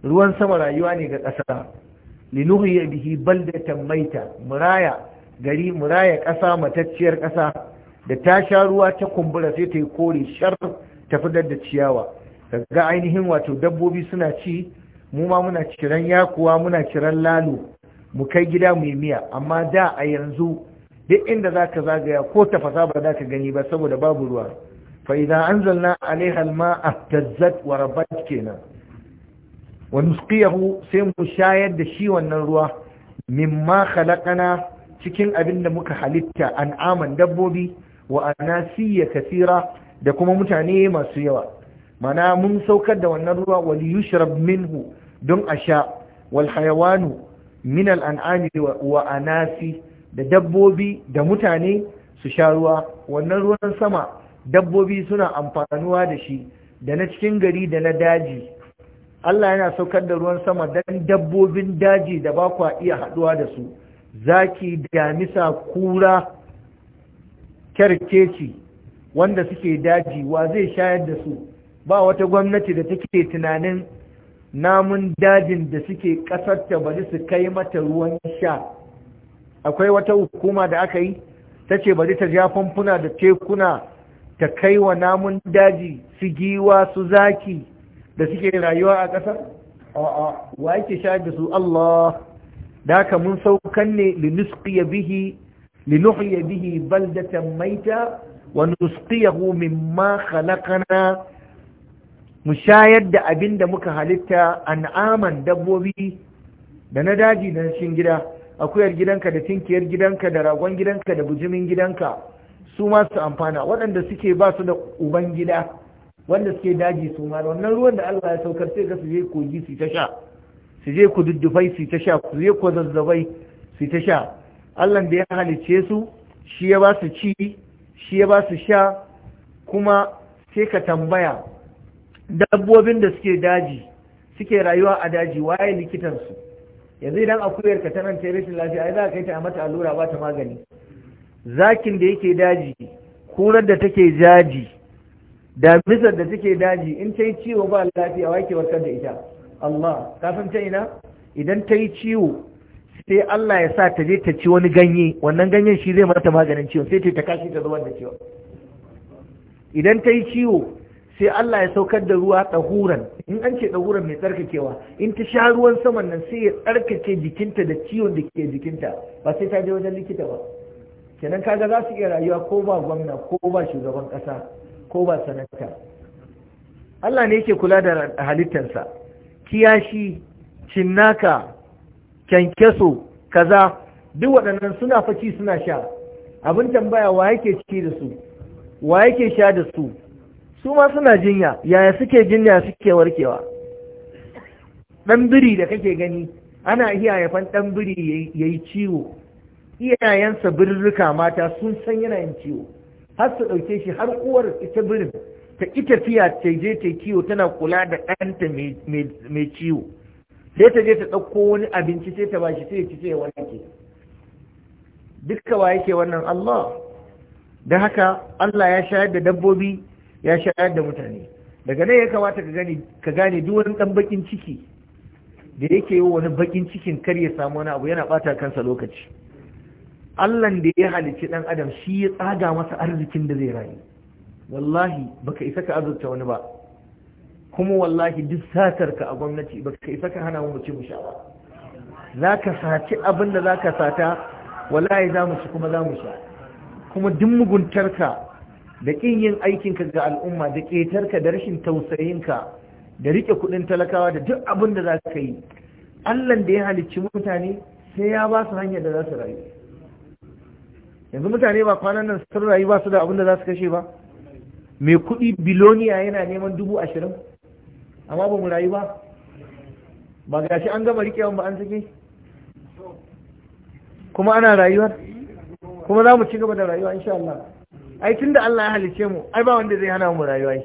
Speaker 1: ruwan sama rayuwa ne ga ƙasa ya bihi baldatan maita muraya gari muraya ƙasa matacciyar ƙasa da ta sha ruwa ta kumbura sai ta yi kore shar ta fitar da ciyawa ga ainihin wato dabbobi suna ci mu ma muna ciran yakuwa muna ciran lalo mu kai gida mu yi miya amma da a yanzu duk inda za ka zagaya ko tafasa ba za ka gani ba saboda babu ruwa fa idza anzalna a alma'a ihtazzat wa rabat kenan wa nusqiyahu sai mu shayar da shi wannan ruwa mimma khalaqana cikin abin da muka halitta an'aman dabbobi wa anasiya kathira da kuma mutane masu yawa mana mun saukar da wannan ruwa wal yushrab minhu don a sha wal min al an'ami wa da dabbobi da mutane su sha ruwa wannan ruwan sama dabbobi suna amfanuwa da shi da na cikin gari da na daji Allah yana saukar da ruwan sama don dabbobin daji da ba kwa iya haɗuwa da su zaki damisa kura kyarkeci wanda suke daji wa zai shayar da su ba wata gwamnati da take tunanin namun dajin da suke ƙasarta bari su kai mata ruwan sha akwai wata hukuma da aka yi ta ce bari ta ja famfuna da tekuna ta kai wa namun daji su giwa su zaki da suke rayuwa a ƙasar a'a wa yake sha da su Allah da haka mun saukan ne ya bihi linuhya bihi baldatan maita wa nusqiyahu mimma khalaqana mu shayar da abin da muka halitta an'aman dabbobi da na daji da shin gida akuyar gidanka da tinkiyar gidanka da ragon gidanka da bujimin gidanka su ma amfana waɗanda suke ba su da uban gida wanda suke daji su ma wannan ruwan da Allah ya saukar sai ga su je kogi su ta sha su je ku duddufai su ta sha su je ku zazzabai su ta sha Allah da ya halicce su shi ya ba su ci shi ya ba su sha kuma sai ka tambaya dabbobin da suke daji suke rayuwa a daji waye likitansu yanzu idan akuyar ka tana ta rashin lafiya ai za ka kai ta mata allura ba ta magani zakin da yake daji kurar da take jaji damisar da take daji in ta yi ciwo ba lafiya wake warkar da ita Allah kafin ta ina idan ta yi ciwo sai Allah ya sa ta je ta ci wani ganye wannan ganyen shi zai mata maganin ciwo, sai ta kashi ta zuwa da ciwo idan ta yi ciwo sai Allah ya saukar da ruwa tsahuran in an ce ɗahuran mai tsarkakewa in ta sha ruwan saman nan sai ya tsarkake jikinta da ciwon da ke jikinta ba sai ta je wajen likita ba kenan kaga za su iya rayuwa ko ba gwamna ko ba shugaban ƙasa ko ba sanata Allah ne yake kula da halittarsa kiyashi cinnaka kyankyaso kaza duk waɗannan suna faci suna sha abin tambaya wa yake ciki da su wa yake sha da su su ma suna jinya yaya suke jinya suke warkewa ɗan biri da kake gani ana iya haifan ɗan biri ya yi ciwo iyayensa birrika mata sun san yana yin ciwo har su ɗauke shi har uwar ita birin ta ki tafiya ta je ta kiwo tana kula da ɗanta mai ciwo sai ta je ta ɗauko wani abinci sai ta bashi sai ci sai wanke duka wa yake wannan Allah da haka Allah ya shayar da dabbobi ya shayar da mutane daga nan ya kamata ka gane duk wani ɗan bakin ciki da yake yi wani bakin cikin kar ya samu wani abu yana ɓata kansa lokaci Allahn da ya halicci ɗan adam shi ya tsaga masa arzikin da zai rayu wallahi baka isa ka azurta wani ba kuma wallahi duk satar ka a gwamnati baka isa ka hana mu ci mu sha ba za ka saci abin da za ka sata wallahi za mu kuma za mu sha kuma duk muguntarka da ƙin yin aikinka ga al'umma da ƙetarka da rashin tausayinka da riƙe kuɗin talakawa da duk abin da za ka yi allan da ya halicci mutane sai ya ba su hanyar da za su rayu yanzu mutane ba kwanan nan sun rayu ba su da abin da za su kashe ba mai kuɗi biloniya yana neman dubu ashirin amma ba mu rayu ba ba ga shi an gama riƙewan ba an sake kuma ana rayuwar kuma za mu ci gaba da rayuwa insha Allah ai tunda Allah ya halice mu ai ba wanda zai hana mu rayuwa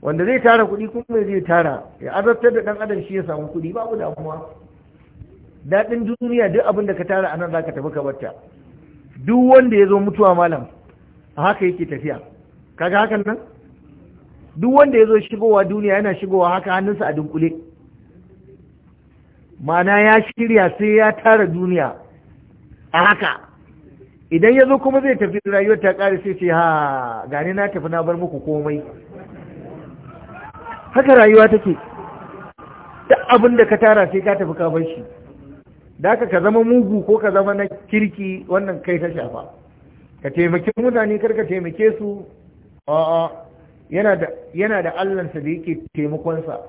Speaker 1: wanda zai tara kuɗi kuma zai tara ya azabtar da ɗan adam shi ya samu kuɗi babu damuwa daɗin duniya duk abin da ka tara anan zaka tafi ka barta duk wanda ya zo mutuwa malam a haka yake tafiya kaga hakan nan duk wanda ya zo shigowa duniya yana shigowa haka hannunsa a dunkule ma'ana ya shirya sai ya tara duniya a haka idan ya zo kuma zai tafi rayuwar ta ƙari sai ce ha gani na tafi na bar muku komai haka rayuwa take duk abin da ka tara sai ka tafi ka bar shi da ka zama mugu ko ka zama na kirki wannan kai ta shafa ka taimaki mutane kar ka taimake su a'a yana da yana da Allahnsa da yake taimakonsa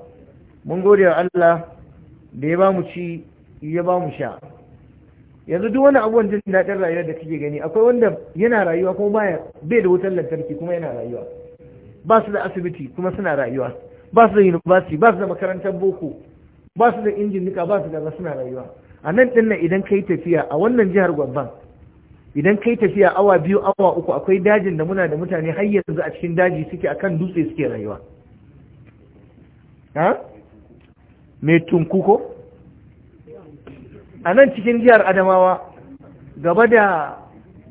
Speaker 1: mun gode wa Allah da ya ba mu ci ya ba mu sha yanzu duk wani abubuwan jin daɗin rayuwa da kike gani akwai wanda yana rayuwa kuma baya bai da wutar lantarki kuma yana rayuwa ba su da asibiti kuma suna rayuwa ba su da university ba su da makarantar boko ba su da injin nika ba su da suna rayuwa a nan ɗin nan idan kai tafiya a wannan jihar gwamban idan kai tafiya awa biyu awa uku akwai dajin da muna da mutane har yanzu a cikin daji suke akan dutse suke rayuwa ha Me tunku ko a nan cikin jihar adamawa gaba da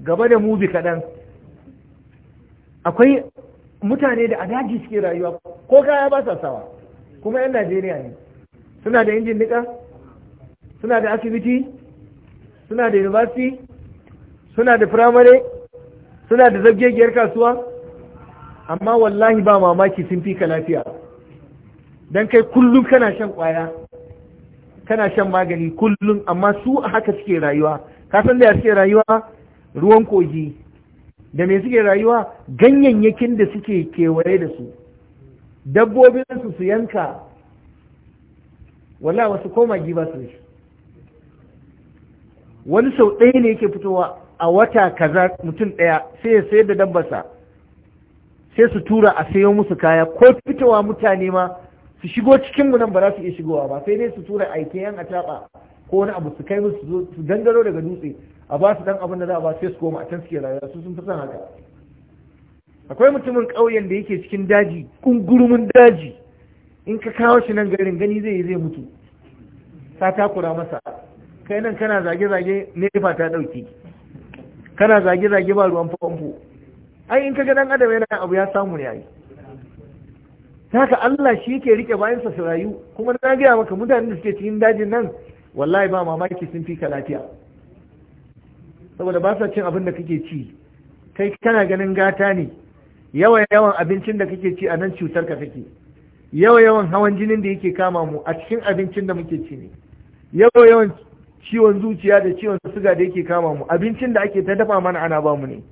Speaker 1: gaba da mubi kaɗan akwai mutane da a daji suke rayuwa ko kaya ba sa sawa kuma yan najeriya ne suna da injin nika suna da asibiti suna da university suna da firamare suna da zabgegiyar kasuwa amma wallahi ba mamaki sun fi ka lafiya don kai kullum kana shan kwaya kana shan magani kullum amma su a haka suke rayuwa kasan da suke rayuwa ruwan kogi da mai suke rayuwa ganyayyakin da suke kewaye da su dabbobinsu su yanka wala wasu koma giba su shi wani sau ɗaya ne yake fitowa a wata kaza mutum ɗaya sai ya sayar da dabbasa sai su tura a sayo musu kaya ko fitowa mutane ma su shigo cikin mu nan ba za su iya shigowa ba sai dai su tura aike yan ataba ko wani abu su kai musu su dangaro daga dutse a ba su dan abin da za a ba sai su koma a can suke rayuwa su sun fi son haka akwai mutumin ƙauyen da yake cikin daji kungurumin daji in ka kawo shi nan garin gani zai yi zai mutu ta takura masa kai nan kana zage-zage nefa ta ɗauki kana zage-zage ba ruwan famfo ai in kaga dan adam yana abu ya samu ne ai haka Allah shi yake rike bayansa su rayu kuma na gaya maka mutanen da suke cikin dajin nan wallahi ba mamaki sun fi ka lafiya saboda ba sa cin abin da kake ci kai kana ganin gata ne yawa yawan abincin da kake ci a nan cutar ka take yawa yawan hawan jinin da yake kama mu a cikin abincin da muke ci ne yawa yawan ciwon zuciya da ciwon suga da yake kama mu abincin da ake ta dafa mana ana ba mu ne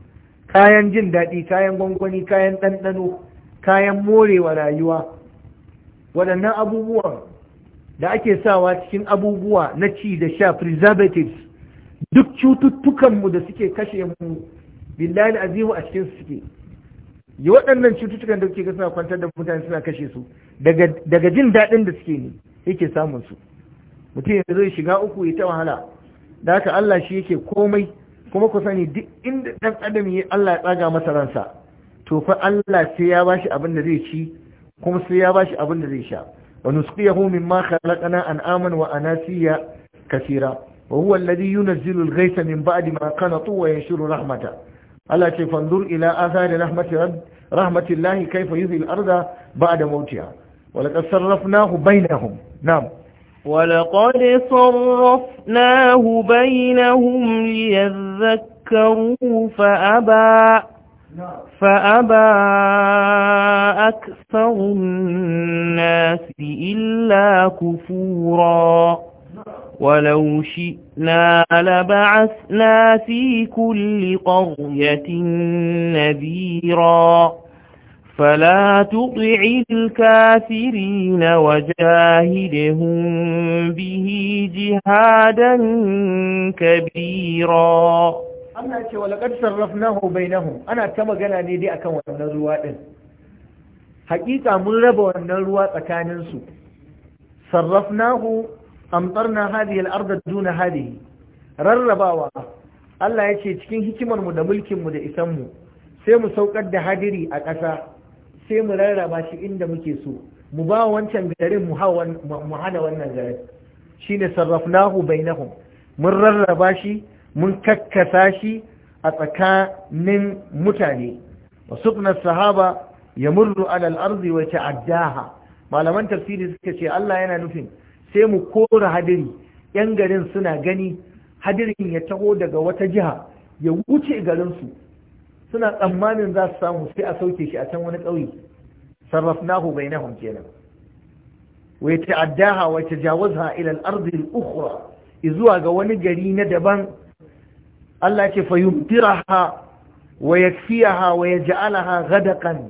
Speaker 1: kayan jin daɗi kayan gwangwani kayan ɗanɗano kayan morewa rayuwa waɗannan abubuwan da ake sawa cikin abubuwa na ci da sha preservatives duk cututtukanmu da suke kashe mu billahi azimu a cikin suke yi waɗannan cututtukan da suke kasa suna kwantar da mutane suna kashe su daga jin daɗin da suke ne yake samun su mutum ya zai shiga uku ya ta wahala da haka Allah shi yake komai kuma ku sani duk inda ɗan adam ya Allah ya tsaga masa ransa to fa Allah sai ya bashi abin da zai ci kuma sai ya bashi abin da zai sha wa nusqiyahu mimma khalaqana an'aman wa anasiya kaseera wa huwa alladhi yunazzilu al-ghaytha min ba'di ma qanatu wa yanshuru rahmata Allah ce fanzur ila athari rahmati rahmatillahi kayfa yuhyi al-arda ba'da mawtiha wa laqad sarrafnahu bainahum na'am
Speaker 2: ولقد صرفناه بينهم ليذكروا فأبى فأبى أكثر الناس إلا كفورا ولو شئنا لبعثنا في كل قرية نذيرا فلا تطع الكافرين وجاهدهم به جهادا كبيرا
Speaker 1: Allah ce wa laƙar sarrafnahu bainahum ana ta magana ne dai akan wannan ruwa ɗin haƙiƙa mun raba wannan ruwa tsakanin su sarrafnahu amtarna hadhihi al-ardh duna hadhihi rarrabawa Allah ya ce cikin hikimar mu da mulkin mu da isan mu sai mu saukar da hadiri a ƙasa sai mu rarraba shi inda muke so mu ba wancan garin mu hana wannan garin shine sarrafnahu bainahum mun rarraba shi mun kakkasa shi a tsakanin mutane wa sukna sahaba ya ala al-ardi wa ta'addaha malaman tafsiri suka ce Allah yana nufin sai mu kora hadiri yan garin suna gani hadirin ya taho daga wata jiha ya wuce garinsu suna tsammanin za su samu sai a sauke shi a can wani ƙauye sarrafnahu bainahum kenan wa yata'addaha wa yatajawazha ila al-ardi al-ukhra izuwa ga wani gari na daban Allah ce fa yumtiraha wa ha wa yaj'alaha ghadaqan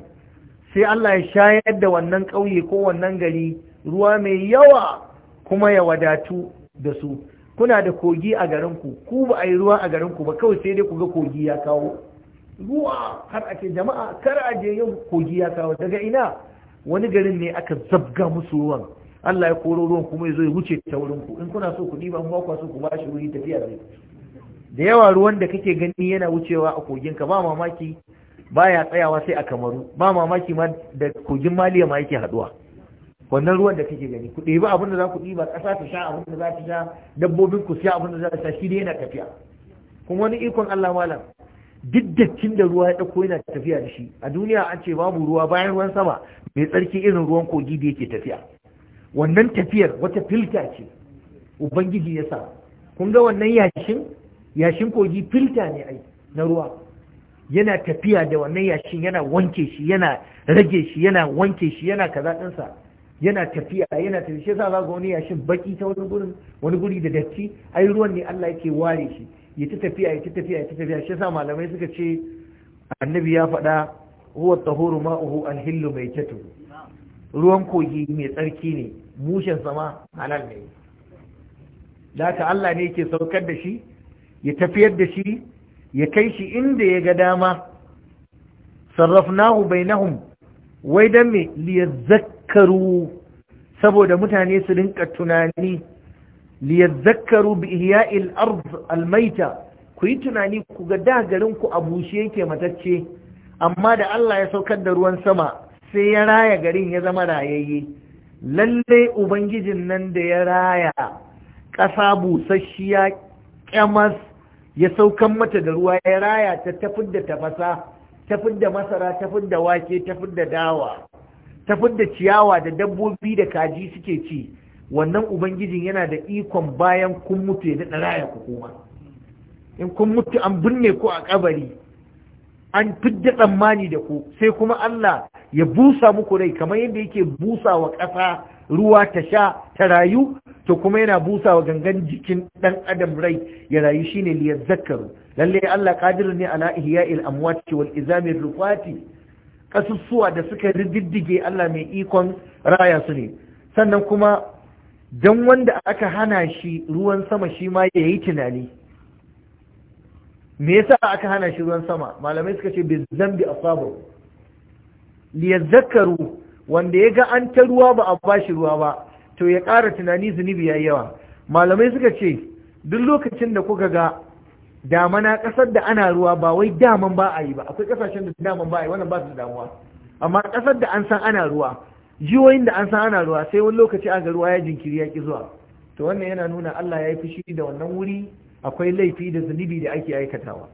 Speaker 1: sai Allah ya shayar da wannan ƙauye ko wannan gari ruwa mai yawa kuma ya wadatu da su kuna da kogi a garinku ku ba a yi ruwa a garinku ba kawai sai dai ku ga kogi ya kawo ruwa har ake jama'a kar a je yau kogi ya kawo daga ina wani garin ne aka zabga musu ruwan Allah ya koro ruwan kuma ya zo ya wuce ta wurin ku in kuna so ku diba in ba ku so ku ba shi wuri tafiya zai da yawa ruwan da kake gani yana wucewa a kogin ka ba mamaki baya tsayawa sai a kamaru ba mamaki ma da kogin maliya ma yake haduwa wannan ruwan da kake gani ku ɗebi abin da za ku ɗiba ƙasa ta sha abin da za ta sha dabbobin ku sai abin da za ta sha shi ne yana tafiya kuma wani ikon Allah malam duk dattin da ruwa ya ɗauko yana tafiya da shi a duniya an ce babu ruwa bayan ruwan sama mai tsarki irin ruwan kogi da yake tafiya wannan tafiyar wata filta ce ubangiji ya sa kun ga wannan yashin yashin kogi filta ne ai na ruwa yana tafiya da wannan yashin yana wanke shi yana rage shi yana wanke shi yana kaza ɗinsa yana tafiya yana tafiya shi yasa za ga wani yashin baki ta wani guri da datti ai ruwan ne Allah yake ware shi ya ta tafiya ya ta tafiya ya ta tafiya shi sa malamai suka ce annabi ya faɗa huwa tahuru ma'uhu alhillu mai tatu ruwan kogi mai tsarki ne mushen sama halal ne da ka Allah ne yake saukar da shi ya tafiyar da shi ya kai shi inda ya ga dama sarrafnahu bainahum wai dan me liyazakkaru saboda mutane su rinka tunani liyadhakkaru bi ihya'il ard almaita ku yi tunani ku ga da garin ku a bushe yake matacce amma da Allah ya saukar da ruwan sama sai ya raya garin ya zama rayayye lalle ubangijin nan da ya raya ƙasa busasshiya ƙyamas ya saukar mata da ruwa ya raya ta tafid da tafasa tafid da masara tafid da wake tafid da dawa tafid da ciyawa da dabbobi da kaji suke ci wannan ubangijin yana da ikon bayan kun mutu ya daɗa raya ku kuma in kun mutu an binne ku a kabari an fidda tsammani da ku sai kuma Allah ya busa muku rai kamar yadda yake busa wa ƙasa ruwa ta sha ta rayu to kuma yana busa wa gangan jikin ɗan adam rai ya rayu shine liyar zakaru lalle Allah kadir ne ala ihya'il amwati wal izamir rufati kasussuwa da suka riddige Allah mai ikon raya su ne sannan kuma don wanda aka hana shi ruwan sama shi ma ya yi tunani me yasa aka hana shi ruwan sama malamai suka ce bi zambi asabu liyazzakaru wanda ya ga an ta ruwa ba a ba shi ruwa ba to ya ƙara tunani zunubi ya yawa malamai suka ce duk lokacin da kuka ga damana ƙasar da ana ruwa ba wai daman ba a yi ba akwai ƙasashen da daman ba a yi wannan ba su damuwa amma ƙasar da an san ana ruwa jiwoyin da an san ana ruwa sai wani lokaci a ga ruwa ya jinkiri ya ki zuwa to wannan yana nuna Allah ya yi fushi da wannan wuri akwai laifi da zunubi da ake aikatawa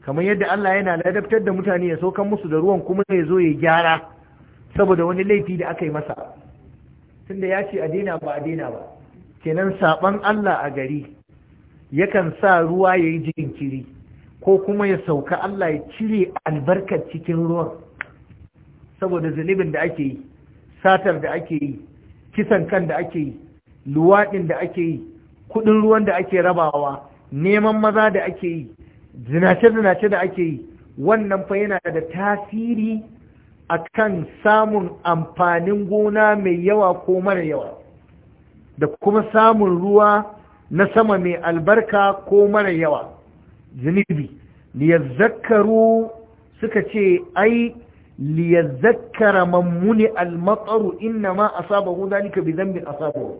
Speaker 1: kamar yadda Allah yana ladabtar da mutane ya saukan musu da ruwan kuma ya zo ya gyara saboda wani laifi da aka yi masa tunda ya ce a daina ba a daina ba kenan saban Allah a gari yakan sa ruwa ya yi jinkiri ko kuma ya sauka Allah ya cire albarkar cikin ruwan saboda zunubin da ake yi satar da ake yi kisan kan da ake yi luwaɗin da ake yi kuɗin ruwan da ake rabawa neman maza da ake yi zinace-zinace da ake yi wannan fa yana da tasiri a kan samun amfanin gona mai yawa ko mara yawa da kuma samun ruwa na sama mai albarka ko mara yawa zunubi Zakaru suka ce ai liyazakkara almakaru muni almataru inna ma asabahu zalika bi dhanbin asabahu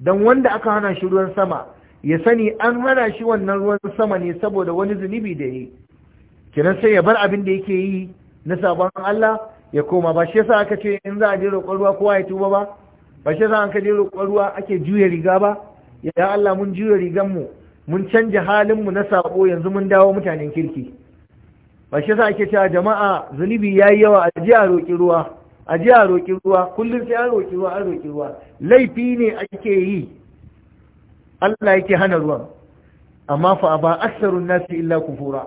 Speaker 1: dan wanda aka hana shi ruwan sama ya sani an hana shi wannan ruwan sama ne saboda wani zunubi da yi kiran sai ya bar abin da yake yi na sabon Allah ya koma ba shi yasa aka ce in za a je roƙon ruwa kowa ya tuba ba ba shi yasa an ka je roƙon ruwa ake juya riga ba ya Allah mun juya rigan mun canza halin mu na saɓo yanzu mun dawo mutanen kirki ba shi yasa ake cewa jama'a zunubi ya yi yawa a ji a roƙi ruwa a a roƙi ruwa kullum sai an roƙi ruwa an roƙi ruwa laifi ne ake yi Allah yake hana ruwan amma fa ba aksarun nasi illa kufura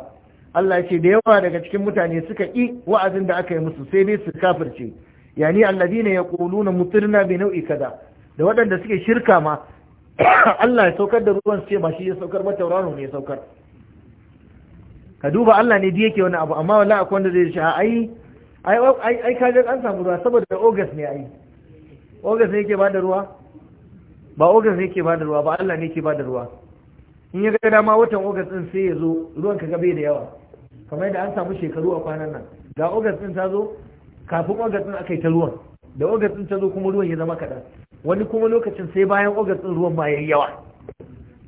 Speaker 1: Allah ce da yawa daga cikin mutane suka ƙi wa'azin da aka yi musu sai dai su kafirce yani ya yaquluna mutirna bi nau'i kaza da waɗanda suke shirka ma [COUGHS] Allah ya saukar da ruwan su ce ba shi ya saukar ba tauraro ne ya saukar ka duba Allah ne yake wani abu amma wallahi akwai wanda zai ce a ai ai ai kaje an samu ruwa saboda August ne ai August ne yake ba da ruwa ba August ne yake ba da ruwa ba Allah ne yake ba da ruwa in ya ga dama watan August din sai ya zo ruwan kaga bai da yawa kamar da an samu shekaru a kwanan nan ga August din ta zo kafin August din aka yi ta ruwan da August din ta zo kuma ruwan ya zama kaɗan wani kuma lokacin sai bayan August din ruwan ma yayi yawa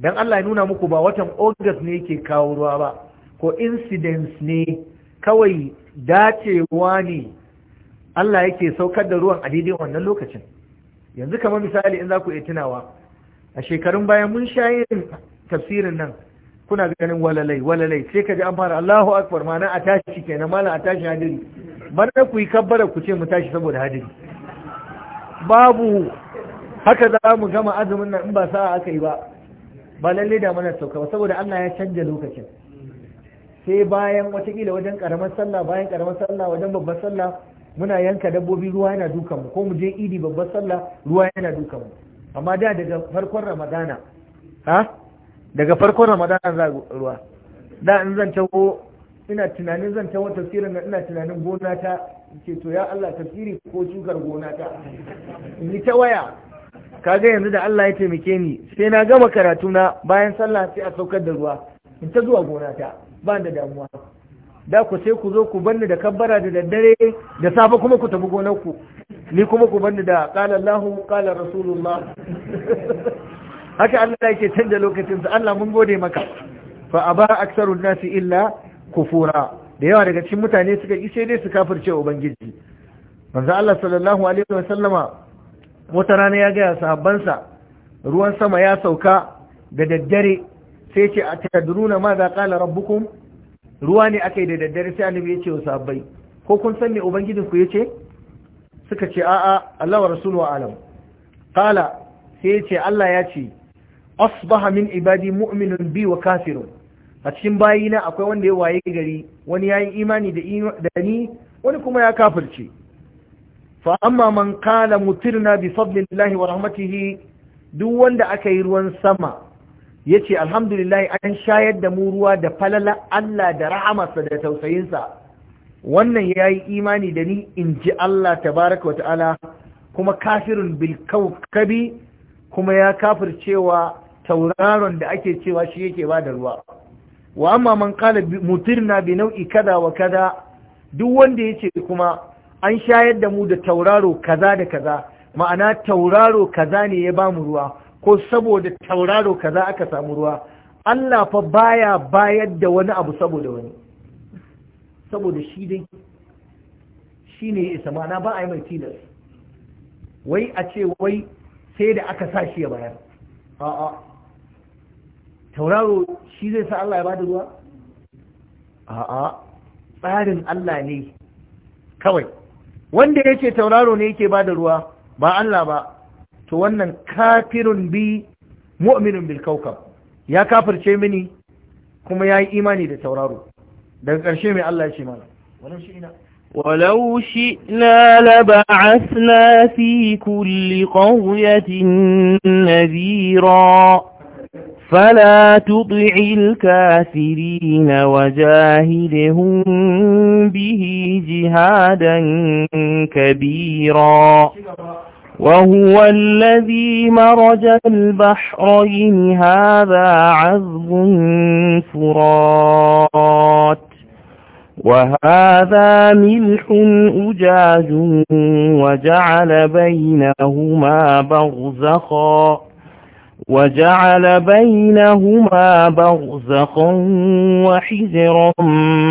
Speaker 1: dan Allah ya nuna muku ba watan August ne yake kawo ruwa ba coincidence ne kawai dacewa ne Allah yake saukar da ruwan a daidai wannan lokacin yanzu kamar misali in za ku iya tunawa a shekarun bayan mun sha yin tafsirin nan kuna ganin walalai walalai sai ka ji an fara Allahu akbar mana a tashi kenan malam a tashi hadiri Bana ku yi kabbara ku ce mu tashi saboda hadiri babu haka za mu gama azumin nan in ba sa'a aka yi ba ba lalle da mana sauka saboda Allah ya canja lokacin sai bayan watakila wajen karamar sallah bayan karamar sallah wajen babbar sallah muna yanka dabbobi ruwa yana duka mu ko mu je idi babbar sallah ruwa yana duka mu amma da daga farkon ramadana ha daga farkon ramadana za ruwa da in zan taho ina tunanin zan taho tafsirin na ina tunanin gona ta ce to ya Allah tafsiri ko shukar gona ta in ta waya kaga yanzu da Allah ya taimake ni sai na gama karatu na bayan sallah sai a saukar da ruwa in ta zuwa gona ta ba da damuwa da ku sai ku zo ku banni da kabbara da daddare da safe kuma ku tafi gonarku ni kuma ku banni da qala Allahu qala Rasulullah [LAUGHS] haka Allah yake canja lokacinsa Allah mun gode maka fa aba aktsaru nasi illa kufura da yawa daga cikin mutane suka yi sai dai su kafirce ubangiji manzo Allah sallallahu alaihi wa sallama wata rana ya ga sahabbansa ruwan sama ya sauka da daddare sai ce a tadruna ma za kala rabbukum ruwa ne yi da daddare sai annabi ya ce wa sahabbai ko kun san me ubangijin ku yace suka ce a'a Allah wa rasuluhu alam Ƙala. sai ya ce Allah ya ce asbaha min ibadi mu'minun bi wa kafirun a cikin bayina akwai wanda ya waye gari wani yayi imani da ni wani kuma ya kafirce fa amma man qala mutirna bi fadlillahi wa rahmatihi duk wanda aka yi ruwan sama ya ce "Alhamdulillah an shayar da mu ruwa da falala Allah da rahamarsa da tausayinsa wannan ya yi imani da ni in ji Allah tabaraka wa ta'ala kuma kafirin bilkaukabi kuma ya kafir cewa tauraron da ake cewa shi yake ba da ruwa wa amma man kala mutirna bi nau'i kada wa kada duk wanda ya ce kuma an shayar da mu da tauraro kaza da kaza ma'ana tauraro kaza ne ya ba mu ruwa ko saboda tauraro kaza aka samu ruwa Allah fa baya bayar da wani abu saboda wani saboda shi dai shi ne ya isa mana ba a yi mai tilas wai a ce wai sai da aka sa shi ya bayar a'a tauraro shi zai sa Allah ya bada ruwa a'a tsarin Allah ne kawai wanda ya ce tauraro ne yake bada ruwa ba Allah ba to wannan kafirun bi mu'minun bil kawkab ya kafirce mini kuma ya yi imani da tauraro daga ƙarshe mai Allah ya ce mana
Speaker 2: walau shi'na walau shi'na laba'athna fi kulli qaryatin nadhira فلا تطع الكافرين وجاهدهم به جهادا كبيرا وهو الذي مرج البحرين هذا عذب فرات وهذا ملح أجاج وجعل بينهما برزخا وجعل بينهما برزخا وحجرا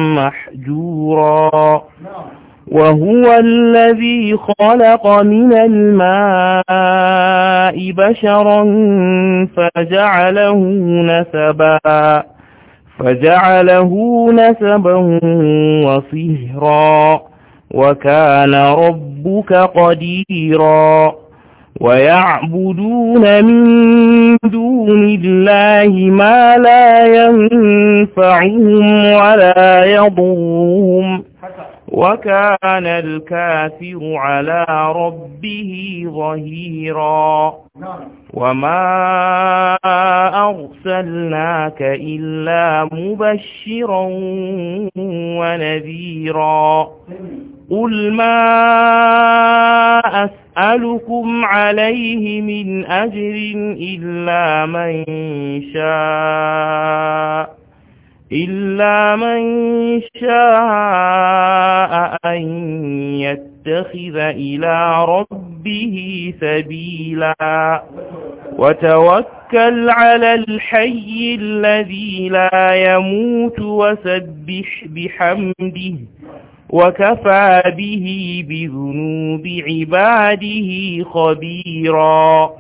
Speaker 2: محجورا نعم. وهو الذي خلق من الماء بشرا فجعله نسبا فجعله نسبا وصهرا وكان ربك قديرا ويعبدون من دون الله ما لا ينفعهم ولا يضرهم وكان الكافر على ربه ظهيرا وما أرسلناك إلا مبشرا ونذيرا قل ما أسألكم عليه من أجر إلا من شاء إلا من شاء أن يتخذ إلى ربه سبيلا وتوكل على الحي الذي لا يموت وسبح بحمده وكفى به بذنوب عباده خبيرا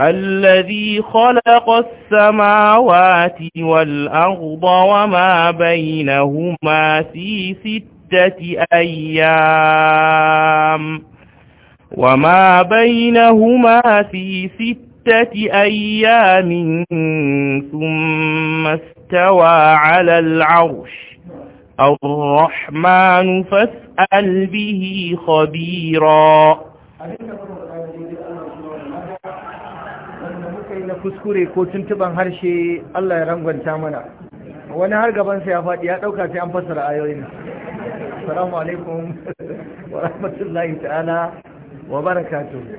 Speaker 2: الذي خلق السماوات والأرض وما بينهما في ستة أيام وما بينهما في ستة أيام ثم استوى على العرش الرحمن فاسأل به خبيرا
Speaker 1: na kuskure ko tuntuban harshe Allah ya rangwanta mana wani har gaban sa ya faɗi ya ɗauka sai an fassara ayoyin assalamu alaikum [LAUGHS] wa rahmatullahi ta'ala wa barakatuh